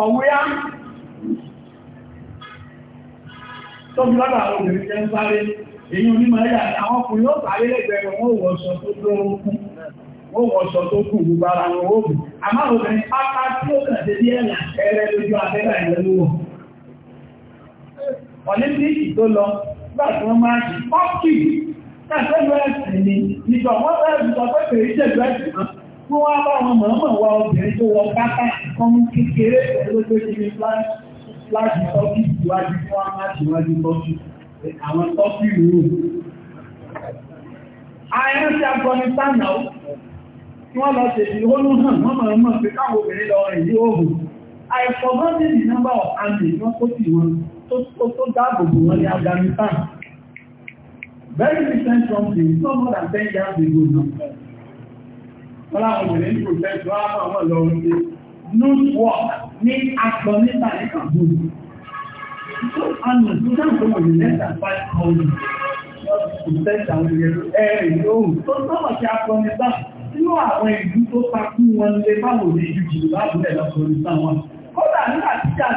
Speaker 1: ọ̀wúyá tó bí lọ́dọ̀ àwọn obìnrin jẹ́ ń sáré èyí onímọ̀ ẹ̀yà àwọn ọkùnrin ó sáré lẹ́gbẹ̀ẹ́ wọn ó wọ̀ṣọ tó lóòkún ó wọ̀ṣọ tó kù gbogbo ara wọn ó bù àmọ́ obìnrin pátá tí ó kàn sí díẹ̀ là ẹrẹ lójú abẹ́rẹ́ ìrẹ́lúwọ̀ ọ̀lẹ́sìkì tó wọ́n máa ṣe pọ́pì náà fẹ́ lọ́ẹ̀sì ni ìjọ tó wá bá wọn mọ̀ọ́mọ̀ wá obìnrin tó wọ pátá ọmọ kékeré pẹ̀lú tó ti fi fláṣì tọ́kì ìwájú fún wọn má ṣe wájú tọ́kì àwọn tọ́kì rú. Ayọ́ ti Afghanistan náà tí wọ́n lọ ṣèṣì olú hàn wọ́n mọ̀ọ́mọ̀ pé káwọn obìnrin lọ rìn yí òògùn. I forgot the number of army wọ́n kó sí wọn tó dáàbòbò wọn ní Afghanistan. Very recent something, no more than ten years ago now wọ́n láwọn obìnrin ní kò fẹ́ tó ápá wọn lọ orí notebook ní agbọn níta ní kàbúrú tó ànà tó dáàbò wọ̀n ní lẹ́tà 5,000 lọ́pùpẹ́ta ẹ̀rìn lóhùn tó sọ́wọ́ sí agbọn níta nínú àwọn ìlú tó takú wọn lé báwọn ní ju jù lábúlẹ̀ lọ́pùpẹ́ wọn kódà nígbà tí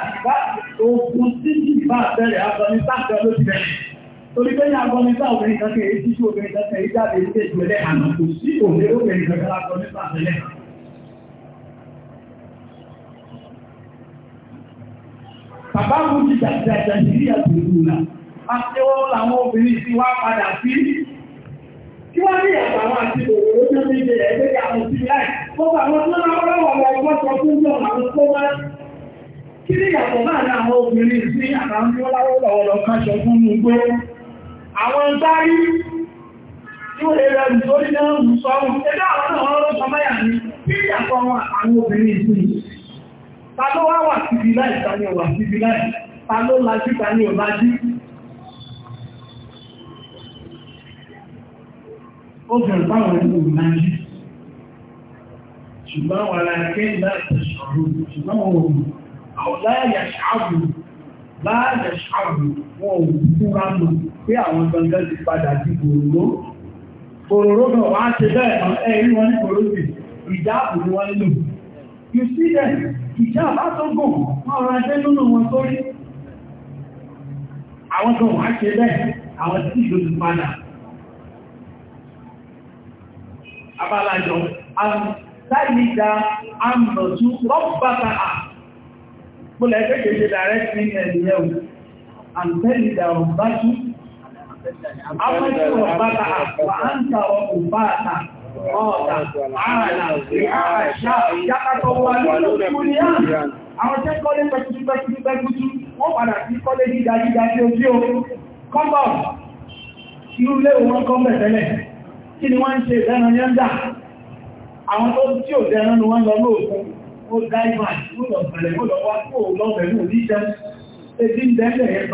Speaker 1: torí bẹ́yìn àgbọn nípa obìnrin kan kẹrì títí obìnrin kan kẹrì jáde ilé ìgbẹ̀lẹ̀ àmà kò sí òmìnir obìnrin kan kẹrì àgbọn nípa àtẹ́lẹ̀ bàbá mú ti jàjàjà ìrí àtòrò là àtẹ́wọ́ làwọn obìnrin ya wá padà sí kí wọ́n ní ẹ̀pà wọn àti ya tó ní ilé ẹgbẹ́ sí láì rọ́wọ́ ọgbọ́n sọ fún àwọn tó kí ìyàtọ̀ àwọn obìnrin sí àtàwọn tí àwọn dárí tí ó lè rẹ̀ lórí náà ń sọ wọn ẹgbẹ́ àwọn náà wọ́n rọ́sọ mẹ́yà ní bí ìyàpọ̀ wọn àwọn obìnrin ìsìn ta ló wá wà síbi láì ta ni ò wà síbi láì ta ló lajú ta ni ò lajú ó bẹ̀rẹ̀ báwọn ẹni ò lajú ṣùgbọ́n wà láàkẹ́ láti ṣọ̀rọ̀ ṣùgbọ́n wọn ò àwọn láyà ṣàbù láyà ṣàbù wọn ò fúra mọ́ pé àwọn gangan ti padà di gbòòrò gbòòrò náà wá ṣe bẹ́ẹ̀ mọ́ ẹ̀rí wọn ní gbòòrò sí ìjáàbù ni wọ́n lò you see them ìjáàbù àtọ́gùn wọ́n rọra jẹ́ nínú wọn sórí àwọn kan wá ṣe bẹ́ẹ̀ àwọn tí ìjọ ti padà abálájọ láìlíta àmọ̀tú rọ́bàtà à mo lẹ́gbẹ̀ẹ́ ṣe direct ní ẹ̀lẹ́yẹ̀wò and tell me that I'm back to أمرك وفتح وأنت وقفاتك Àwọn tẹ́ kọ́lé pẹ̀kútú pẹ̀kútú pẹ̀kútú, wọ́n padà sí kọ́lé dídá dídá tí ó bí o. Kọ́mbọ̀, irú lé wọn kọ́mbẹ̀ tẹ́lẹ̀, kí ni wọ́n ń ṣe ìdẹ́ran ní ẹ́ndà? Àwọn tó tí ò dẹ́ran ni wọ́n lọ lóòkú, ó dáìmà, ó lọ bẹ̀rẹ̀, ó lọ wá kó lọ pẹ̀lú oníṣẹ́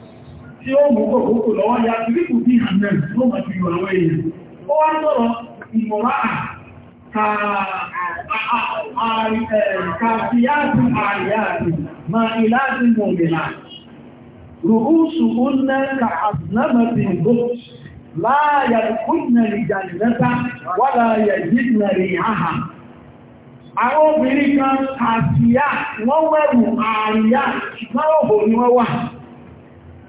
Speaker 1: tí ó mú kòkòkò lọ́wọ́ ya ti rí kù bí ìhànà ló mọ̀ sí àwọn èèyàn ó wá sọ̀rọ̀ ìmọ̀ra kàfíyàtì àríyàtì ma ìlàtí mọ̀mìnà rùúsù oúnjẹ ka àtìnàmàtì ìgbò láàyà kúnnà ìjànìlẹ́ta wádà yà jìnnà ìhàhà àwọn obìnrin kan kàfíyà wọ́n wẹ̀rù àríyà ṣùgbọ́n òbò ni wọ́n wà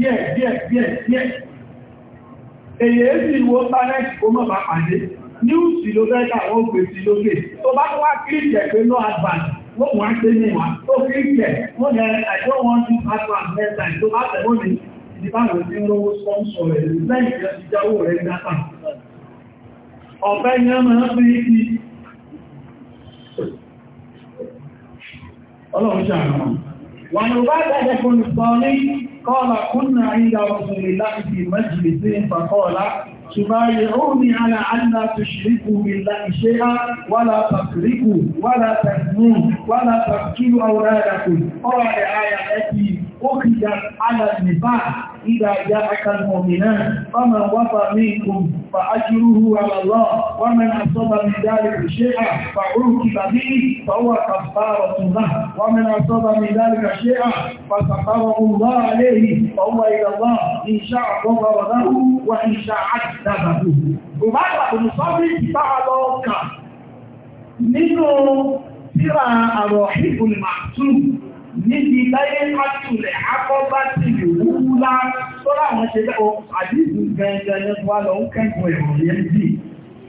Speaker 1: díẹ̀ díẹ̀ díẹ̀ díẹ̀ èyí èsì ìwò bá pàdé níwùsì ló fẹ́ta àwọn òpèsì lókè tó bá wá pé no advance wọ́n wá pé ní tó wọ́n yẹ قال كنا عند رسول الله في مجلس فقال تبايعوني على أن لا تشركوا بالله شيئا ولا تسرقوا ولا تزنوا ولا تقتلوا أولادكم قال آية التي أخذت على النفاع إذا جاءك المؤمنان فمن وفى منكم فأجره على الله ومن أصاب من ذلك شيئا فعوقب به فهو كفارة له ومن أصاب من ذلك شيئا فسخره الله عليه فهو إلى الله إن شاء غفر له وإن شاء عذبه. Òmáàlà olùsọ́bí ìtàwà lọ́ọ̀kà nínú síra àrọ̀ ìbùn níbi láyé pàtìlẹ̀ akọ́bá ti lè wúwúlá tó láwọn ṣe lẹ́kọ̀ọ́ àdíjù gẹ̀ẹ́gẹ̀ẹ́ lẹ́gbọ́ lọ ń kẹ́gbọ́ ẹ̀rọ yẹn dì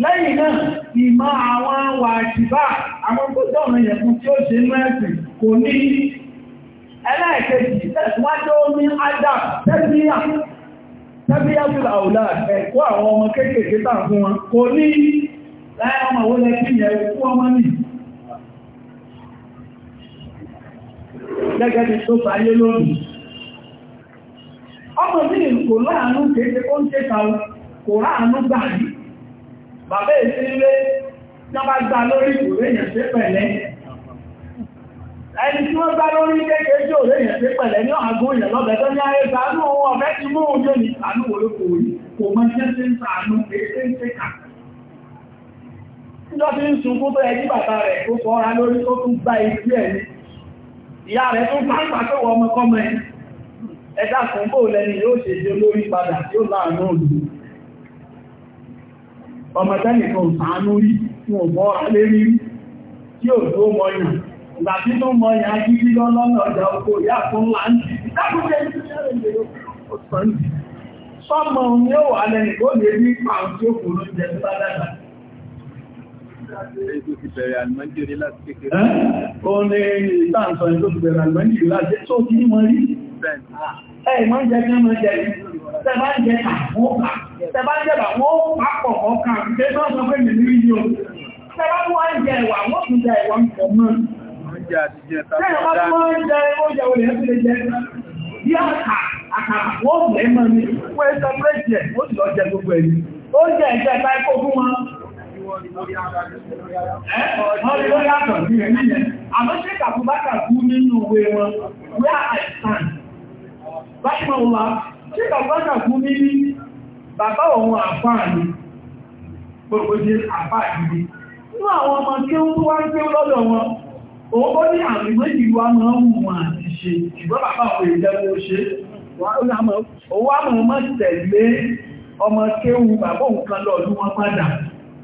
Speaker 1: lẹ́yìn náà ìmọ̀ àwọn àwà àwọn gbogbo ọ̀nà ìyẹ̀kùn tí ó ṣe ń kò ní ẹlẹ́ẹ̀kejì tẹ̀síwájú ní adam tẹ́bíyà tẹ́bíyà tó ẹ̀kọ́ àwọn ọmọ kéékèèké tà fún wọn kò ní láyé ọmọ òun yẹn fún ọmọ nì gẹ́gẹ́ bí tó lónìí ọmọ kò láàánú ó bàbá èsì ilé náà gbá lórí ìwé èèyàn sí pẹ̀lẹ́ ẹni tí wọ́n gbá ń sàánú tó ẹjí bàbá rẹ̀ ó fọ́ra lórí tó tún gba ìlú ẹ̀ ìyá rẹ̀ tún pàápàá tó wọ ọmọkọ́mọ ẹ̀ ẹ̀dá kùnbó lẹ́ni yóò ṣèjọ lórí padà tí ó láàánú òdùn ọmọ tẹ́nìkan sàánú rí fún ọmọ alérí tí ò tó mọ́yàn ìgbà tí tó mọ́yàn agídí lọ́lọ́nà ọjà oko ìyá fún láńtì sọ́mọ̀ ní ó wà Ó ní ìtàǹsọ̀ ní tó ti bẹ̀rẹ̀ àlùmọ́nì láti tó kí ní wọ́n rí. Ẹ ìmọ̀ jẹ́ kí wọ́n jẹ́ rí. Tẹ bá jẹ́ àwọn ọ̀pá. Tẹ bá jẹ́ àwọn pápọ̀ ọkà tẹ́ bá sọ pé mi rí yóò. Tẹ bá wọ́n jẹ ìwà wọ́n tún jẹ ìwà ń pọ̀ mọ́. Oúnjẹ ìjẹta ikó fún wọn, Wọ́n rí lórí àtọ̀ sí rẹ̀ níyẹn. Àmọ́ ṣe kàkúbákà kú nínú ìwé where I stand. Báṣmọ̀ wọn, ṣe kàkúbákà kú ní bàbá òun àfáà ni, gbogbo ṣe àfáà gidi. Nú àwọn ọmọ tí ó wá ń kéwú lọ́dọ̀ wọn, òun kọ́ ní àmì méjì wa máa ń wù wọn àti ṣe, ṣùgbọ́n bàbá òun kan lọ́ọ̀lú wọn padà.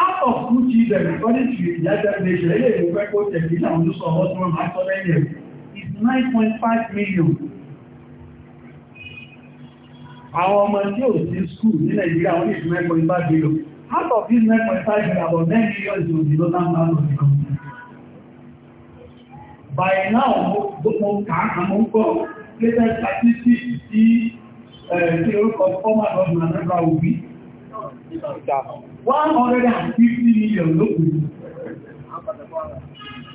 Speaker 1: out of two children according to the united nations ilé ìwé fẹ́ kó tẹ̀lé ní àwọn olùsọ ọmọ tí wọ́n máa sọ lẹ́yìn rẹ̀ is nine point five million. àwọn ọmọ tí ò sí school ní nàìjíríà wọ́n ní ìsìn nine point five million out of this nine point five million about nine million is on the northern part of the country. by now mo kà á mo ń gbọ́ latest statistics ti kí eh, orúkọ former governor nígbà òbí. 150 million ló kù.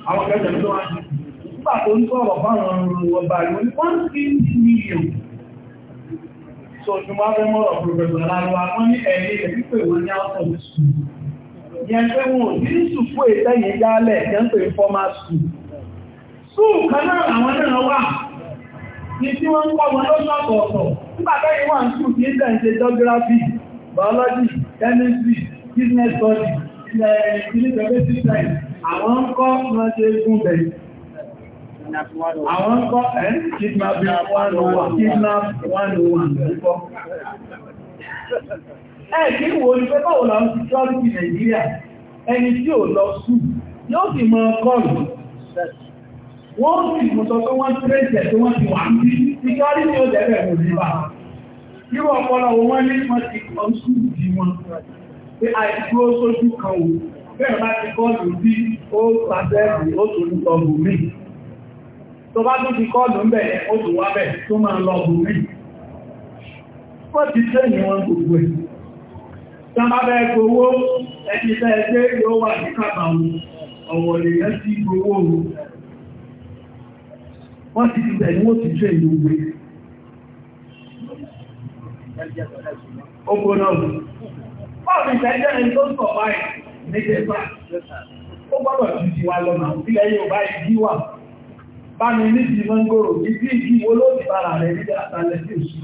Speaker 1: Àwọn kẹta tó wá ń ọba ìwọ̀n million. fẹ́ mọ́rọ̀ wọ́n ní ẹ̀rí rẹ̀ pípẹ̀ ní Yẹn pé wọn ò jálẹ̀ ń pè formal school. kan náà àwọn náà wà ní tí wọ́n ń kọ́ wọn lọ́sọ̀ọ̀tọ̀. Nígbà business study ilẹ̀ ìlẹ́gbẹ̀ẹ́ system àwọn ń kọ́ wọ́n ṣe gún bẹ̀ àwọn ń kọ́ ẹ́ kidnap 101 kidnap 101 ẹ̀kọ́ ẹ̀ kí wo ní pé báwo làwọn security Nàìjíríà ẹni tí ò lọ sùn yóò sì mọ kọlù wọ́n sì mú sọ pé wọ́n tẹ́ẹ̀tẹ̀ tó wọ́n ti wà ń bí ìkárí ní ó dẹ̀rẹ̀ mú sí bá irú ọpọlọ wọn ní wọ́n ti kọ́ sùn jí wọn pé àìdúró sójú kan wò bẹ́ẹ̀ bá ti kọ́ọ̀lù bí ó pàtẹ́ẹ̀sì ó tó lùtọ̀ bù mí tó bá tó ti kọ́ọ̀lù ń bẹ̀ẹ̀ ó tó wá bẹ̀ tó máa lọ bù mí wọ́n ti tẹ́ ìwọ̀n gbogbo ẹ̀ sábábẹ́ gbowó ẹni tẹ́ ẹgbẹ́ yóò wà ní kàbàwò ọ̀wọ̀ lèyàn sí gbowó wọ́n ti ti tẹ̀ ní wọ́n Báwọn ìfẹ́jẹ́ ẹni tó sọ báyìí ní Jẹ́bà, ó gbọ́dọ̀ ti ti wà lọ́nà sílẹ̀ yóò bá ìdí wà. Bá mi ní ti mọ́ngòrò, ìdí ìdí wo ló ti bára rẹ̀ ní àtàlẹ́ sí òṣù.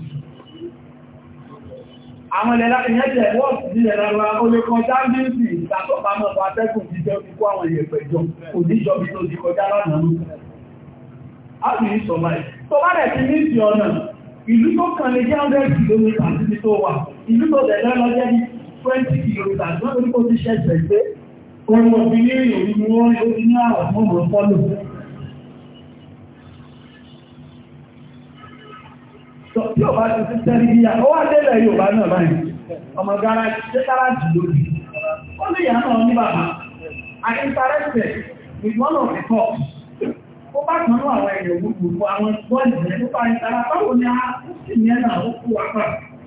Speaker 1: Àwọn ilẹ̀ láti yẹ́ jẹ́ wọ́ọ̀sì ní ẹ̀rọ ara olókan Jámbíìsì ìtàkọ́pamọ́ àtẹ́kùn ti jẹ́ kíkó àwọn ìyẹ̀pẹ̀ jọ, òníjọbi tó ti kọjá lánàá ló. A sì ní sọ báyìí. Tó bá rẹ̀ ti ní ìsì ọ̀nà, ìlú tó kàn lè jẹ́ 100 kìlómítà sí tó wà, ìlú tó tẹ̀lẹ́ lọ jẹ́ twenty kilometers wọ́n ní kó ti ṣẹ̀ṣẹ̀ pé ohun ọ̀gbìn ní ìròyìn ni wọ́n yóò ní àwọn tó mọ̀ fọ́lù. Tí ò bá ti ti tẹ́lẹ̀ bí yàrá, ó wá délẹ̀ Yorùbá náà báyìí, ọmọ gáràjì, ṣé gáràjì lóbi? Ó ní ìyá náà ní bàbá, I interested with one of the cops. Ó bá kan náà àwọn èèyàn gbogbo àwọn bọ́ọ̀lù yẹn tó bá ń tara, báwo ni a ó sì ní ẹ̀ náà ó kú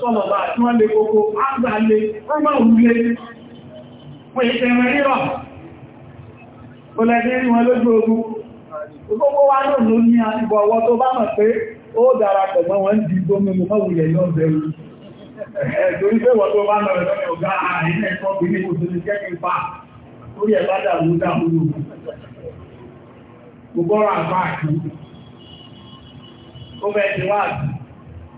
Speaker 1: sọ́lọ̀bà tí wọ́n lè gbogbo ágbàlẹ̀ ọmọ̀wúlé wọ́n ètẹ̀ ẹ̀mọ̀ rírọ̀ olẹ́dẹ́ rí wọn lójú ogun gbogbo wá náà ló ní àtìbọ̀ ọwọ́ tó bá mọ̀ pé ó dára pẹ̀mọ́ wọn di gómìnà mọ́wúlẹ̀ yọ́ bẹ̀rù ẹ̀ẹ́dùn ó bẹ̀ẹ̀ ti wá àti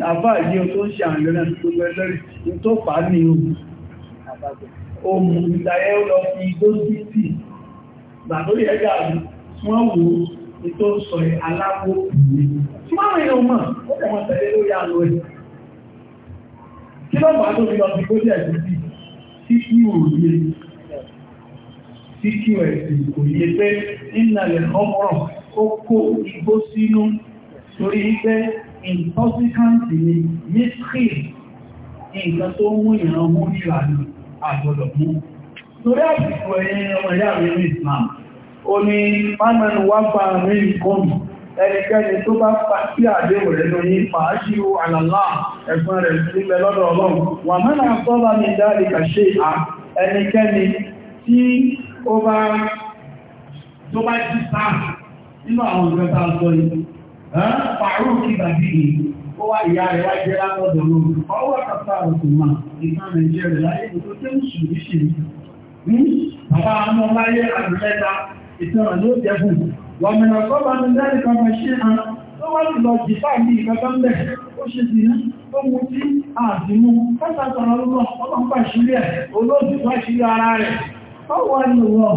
Speaker 1: àbá yí o tó ń ṣe àrìnlẹ́nà tó gbẹ lórí tó fà ní ohun ìdáyẹ́ lọ fi igbó sí sí gbàtórí ẹgbẹ́ àrùn wọ́n wo ètò sọ aláwò ìwé tí wọ́n rìn ọmọ ó kọ̀ wọ́n tẹ̀lé lórí àlọ́ ẹ̀ kí ló máa tó fi lọ sí gbójẹ̀ sí intoxicant ni miskil nǹkan tó mú ìran mú nílà ní àgbọ̀dọ̀ mú torí àsìkò ẹ̀yìn ọmọ ìyá mi ní Islam ó ní mánàlù wá pa mí kọ́mù ẹnikẹ́ni tó bá pa sí àdéhùn rẹ̀ lórí pàáṣí àlàlá ẹ̀gbọ́n rẹ̀ sílẹ̀ lọ́dọ̀ ọlọ́run wà mẹ́nà sọ́lá ní dáàrí kàṣe à ẹnikẹ́ni tí ó bá jí sáà nínú àwọn ìgbẹ́ta sọ yìí pàrú kí bàbí yìí ó wá ìyá rẹ̀ wá jẹ́ látọ̀dọ̀ lóru ọwọ́ kàtà òkú mà ìtàn nàìjíríà láyé tó tẹ́ oṣù níṣe ní bàbá ọmọ láyé àbúlẹ́ta ìtàn ló jẹ́ fún wọn mìíràn tó bá ní lẹ́rìí kan máa ṣe hàn tó wá ti lọ jì fáàmì ìgbàgbọ́ ń bẹ̀ ó ṣe sì ní tó mú tí àdìmú pátá sọ̀rọ̀ lọ́wọ́ ọlọ́pàá ìṣílẹ̀ wá ìṣílẹ̀ ara rẹ̀ ọwọ́ ìlú wọn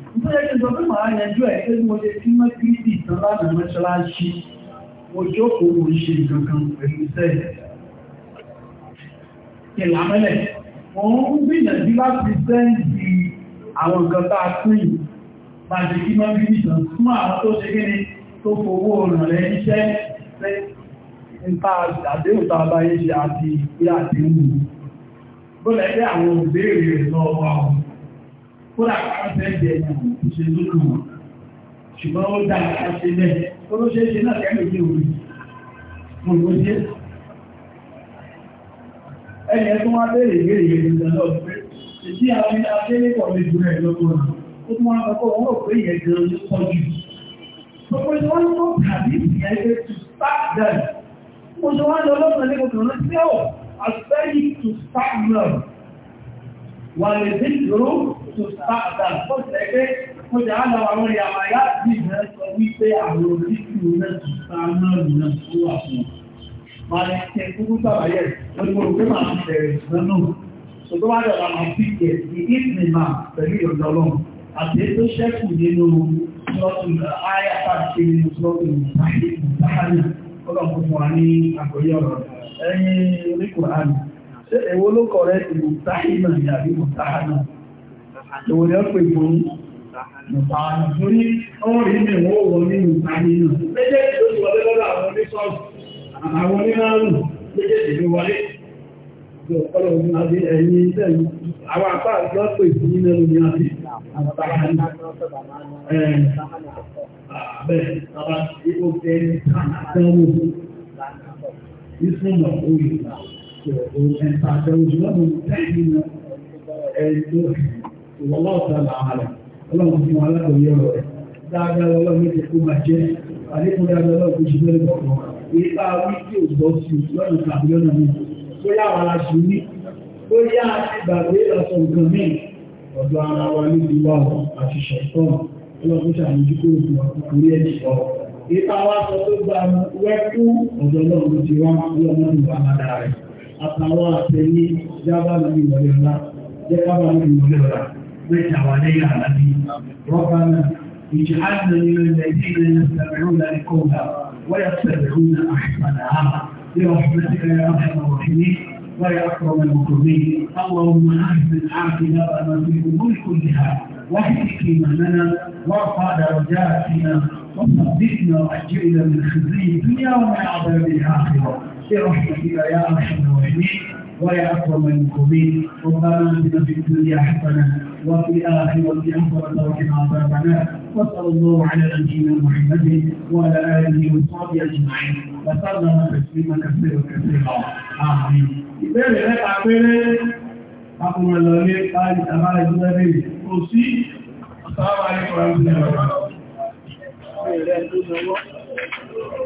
Speaker 1: Nítorí ẹjọ́ pé màá yẹjú ẹ̀ pé mo ṣe tí mọ́ kìrìtì tán láti mọ́ṣáláṣí, mo jókòó mo ṣe ìkankan pẹ̀lú iṣẹ́ ẹ̀. Ìlàmẹ́lẹ̀, mo ń gbìyànjú láti sẹ́ǹdì àwọn nǹkan tá a pín yìí, máa ṣe kí mọ́ kìrìtì tán fún àwọn tó ṣe kí ni tó fowó ràn lẹ́ iṣẹ́ pé nípa àdéhùn tá a bá yé ṣe àti ìpínlẹ̀ àdéhùn. Bọ́lẹ̀ pé àwọn òbéèrè kódà káfẹ́ jẹ ìṣe lókù wọn ṣùgbọ́n ó dá àṣẹ lẹ́yìn olóṣèṣe náà kẹ́lẹ̀ jẹ́ òun mo ló ṣe ẹni ẹ tún wá béèrè ìbéèrè yẹn ní ìdáná pé ìdí àwọn abẹ́lẹ̀ pọ̀ ní ìdúró ẹ̀ lọ́kọ̀ náà ó tún wá sọ pé òun ò pé ìyẹn gan ló pọ̀ jù gbogbo ìwọ́n ló tàbí ìyẹn pé to start them mo ṣe wá lọ lọ́sàn-án ní gbogbo tó sáàdà fọ́sẹ̀ pé ó jẹ́ àlọ́ àwọn ìyàmà yá bí ìrẹ́ sọ wípé àwọn oríṣìí náà tó sáà náà nà tó wà fún wọn ni ṣe kúrú sàbàyẹ̀ wọ́n ni mo rò pé màá ń bẹ̀rẹ̀ ìṣẹ́ náà ṣùgbọ́n wá dọ̀la màá fi jẹ ti ìsìn mà pẹ̀lú ìrọ̀lọ́ lọ́wọ́ àti tó ṣẹ́kù nínú ṣọ́ọ̀tún àyàtà ẹ̀yìn oríkùnrin àmì èwo ló kọ̀ rẹ̀ ìmùtáhìmà ní àbí mùtáhìmà Ìwò ni ó pè fún ìpààrùn torí ọwọ́ rí ní ìwọ̀n wọ nínú ìpàdé náà. Méjèèjì ló wọlé lọ́dọ̀ àwọn oníṣọ́ọ̀sì, àwọn onírànù, méjèèjì ló wọlé. Ọlọ́run ni a bí ẹ̀yìn iṣẹ́ yìí. Àwọn àpá àjọ pè fún nínú ni a bí. Bẹ́ẹ̀ Ẹ̀ta àtẹ́wò ṣùgbọ́n tẹ́ ìdí náà ẹ̀ẹ́dọ́ ìwọlọ́ọ̀ta làálẹ̀ ọlọ́run fún alágbòye ọ̀rọ̀ rẹ̀ dáadáa ọlọ́run méje kó máa jẹ́ àlékún dáadáa ọlọ́run kó ṣe fẹ́rẹ́ bọ̀kọ̀ ìpa wí tí ò gbọ́ sí lọ́nà tàbí lọ́nà mi bóyá àwọn aṣọ ní bóyá ìgbàgbé ọ̀sọ̀ nǹkan mí ọ̀dọ̀ ara wa ní ti wà wọ́n àti ṣẹ̀tọ́ ọlọ́run ṣàmójú kó fún orí ẹ̀jẹ̀ lọ ìpa wa sọ tó gba wẹ́kú ọ̀dọ̀ ọlọ́run ti wá ọlọ́run ìwà máa rẹ̀ àtàwọn àtẹ̀yìn jábàlú ìwọlé ọ̀la jẹ́ kábàlú ìwọlé ọ̀la واجعل علي العبيد ربنا اجعلنا من الذين يستمعون القول ويتبعون احسنها برحمتك يا ارحم الراحمين ويا اكرم المكرمين اللهم احسن عاقبتنا في الامور كلها واهدك ايماننا وارفع درجاتنا وثبتنا واجعلنا من خزي الدنيا ومن عذاب الاخره برحمتك يا ارحم الراحمين ويا اكرم المكرمين ربنا اتنا في الدنيا حسنه وفي آخرة حسنة وقنا عذاب النار وصلى الله على نبينا محمد وعلى آله وصحبه أجمعين وسلم تسليما كثيرا كثيرا آمين ìbéèrè mẹ́ta péré akùnrin lọ ní káàdì àmàlà ìjọba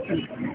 Speaker 1: ní kò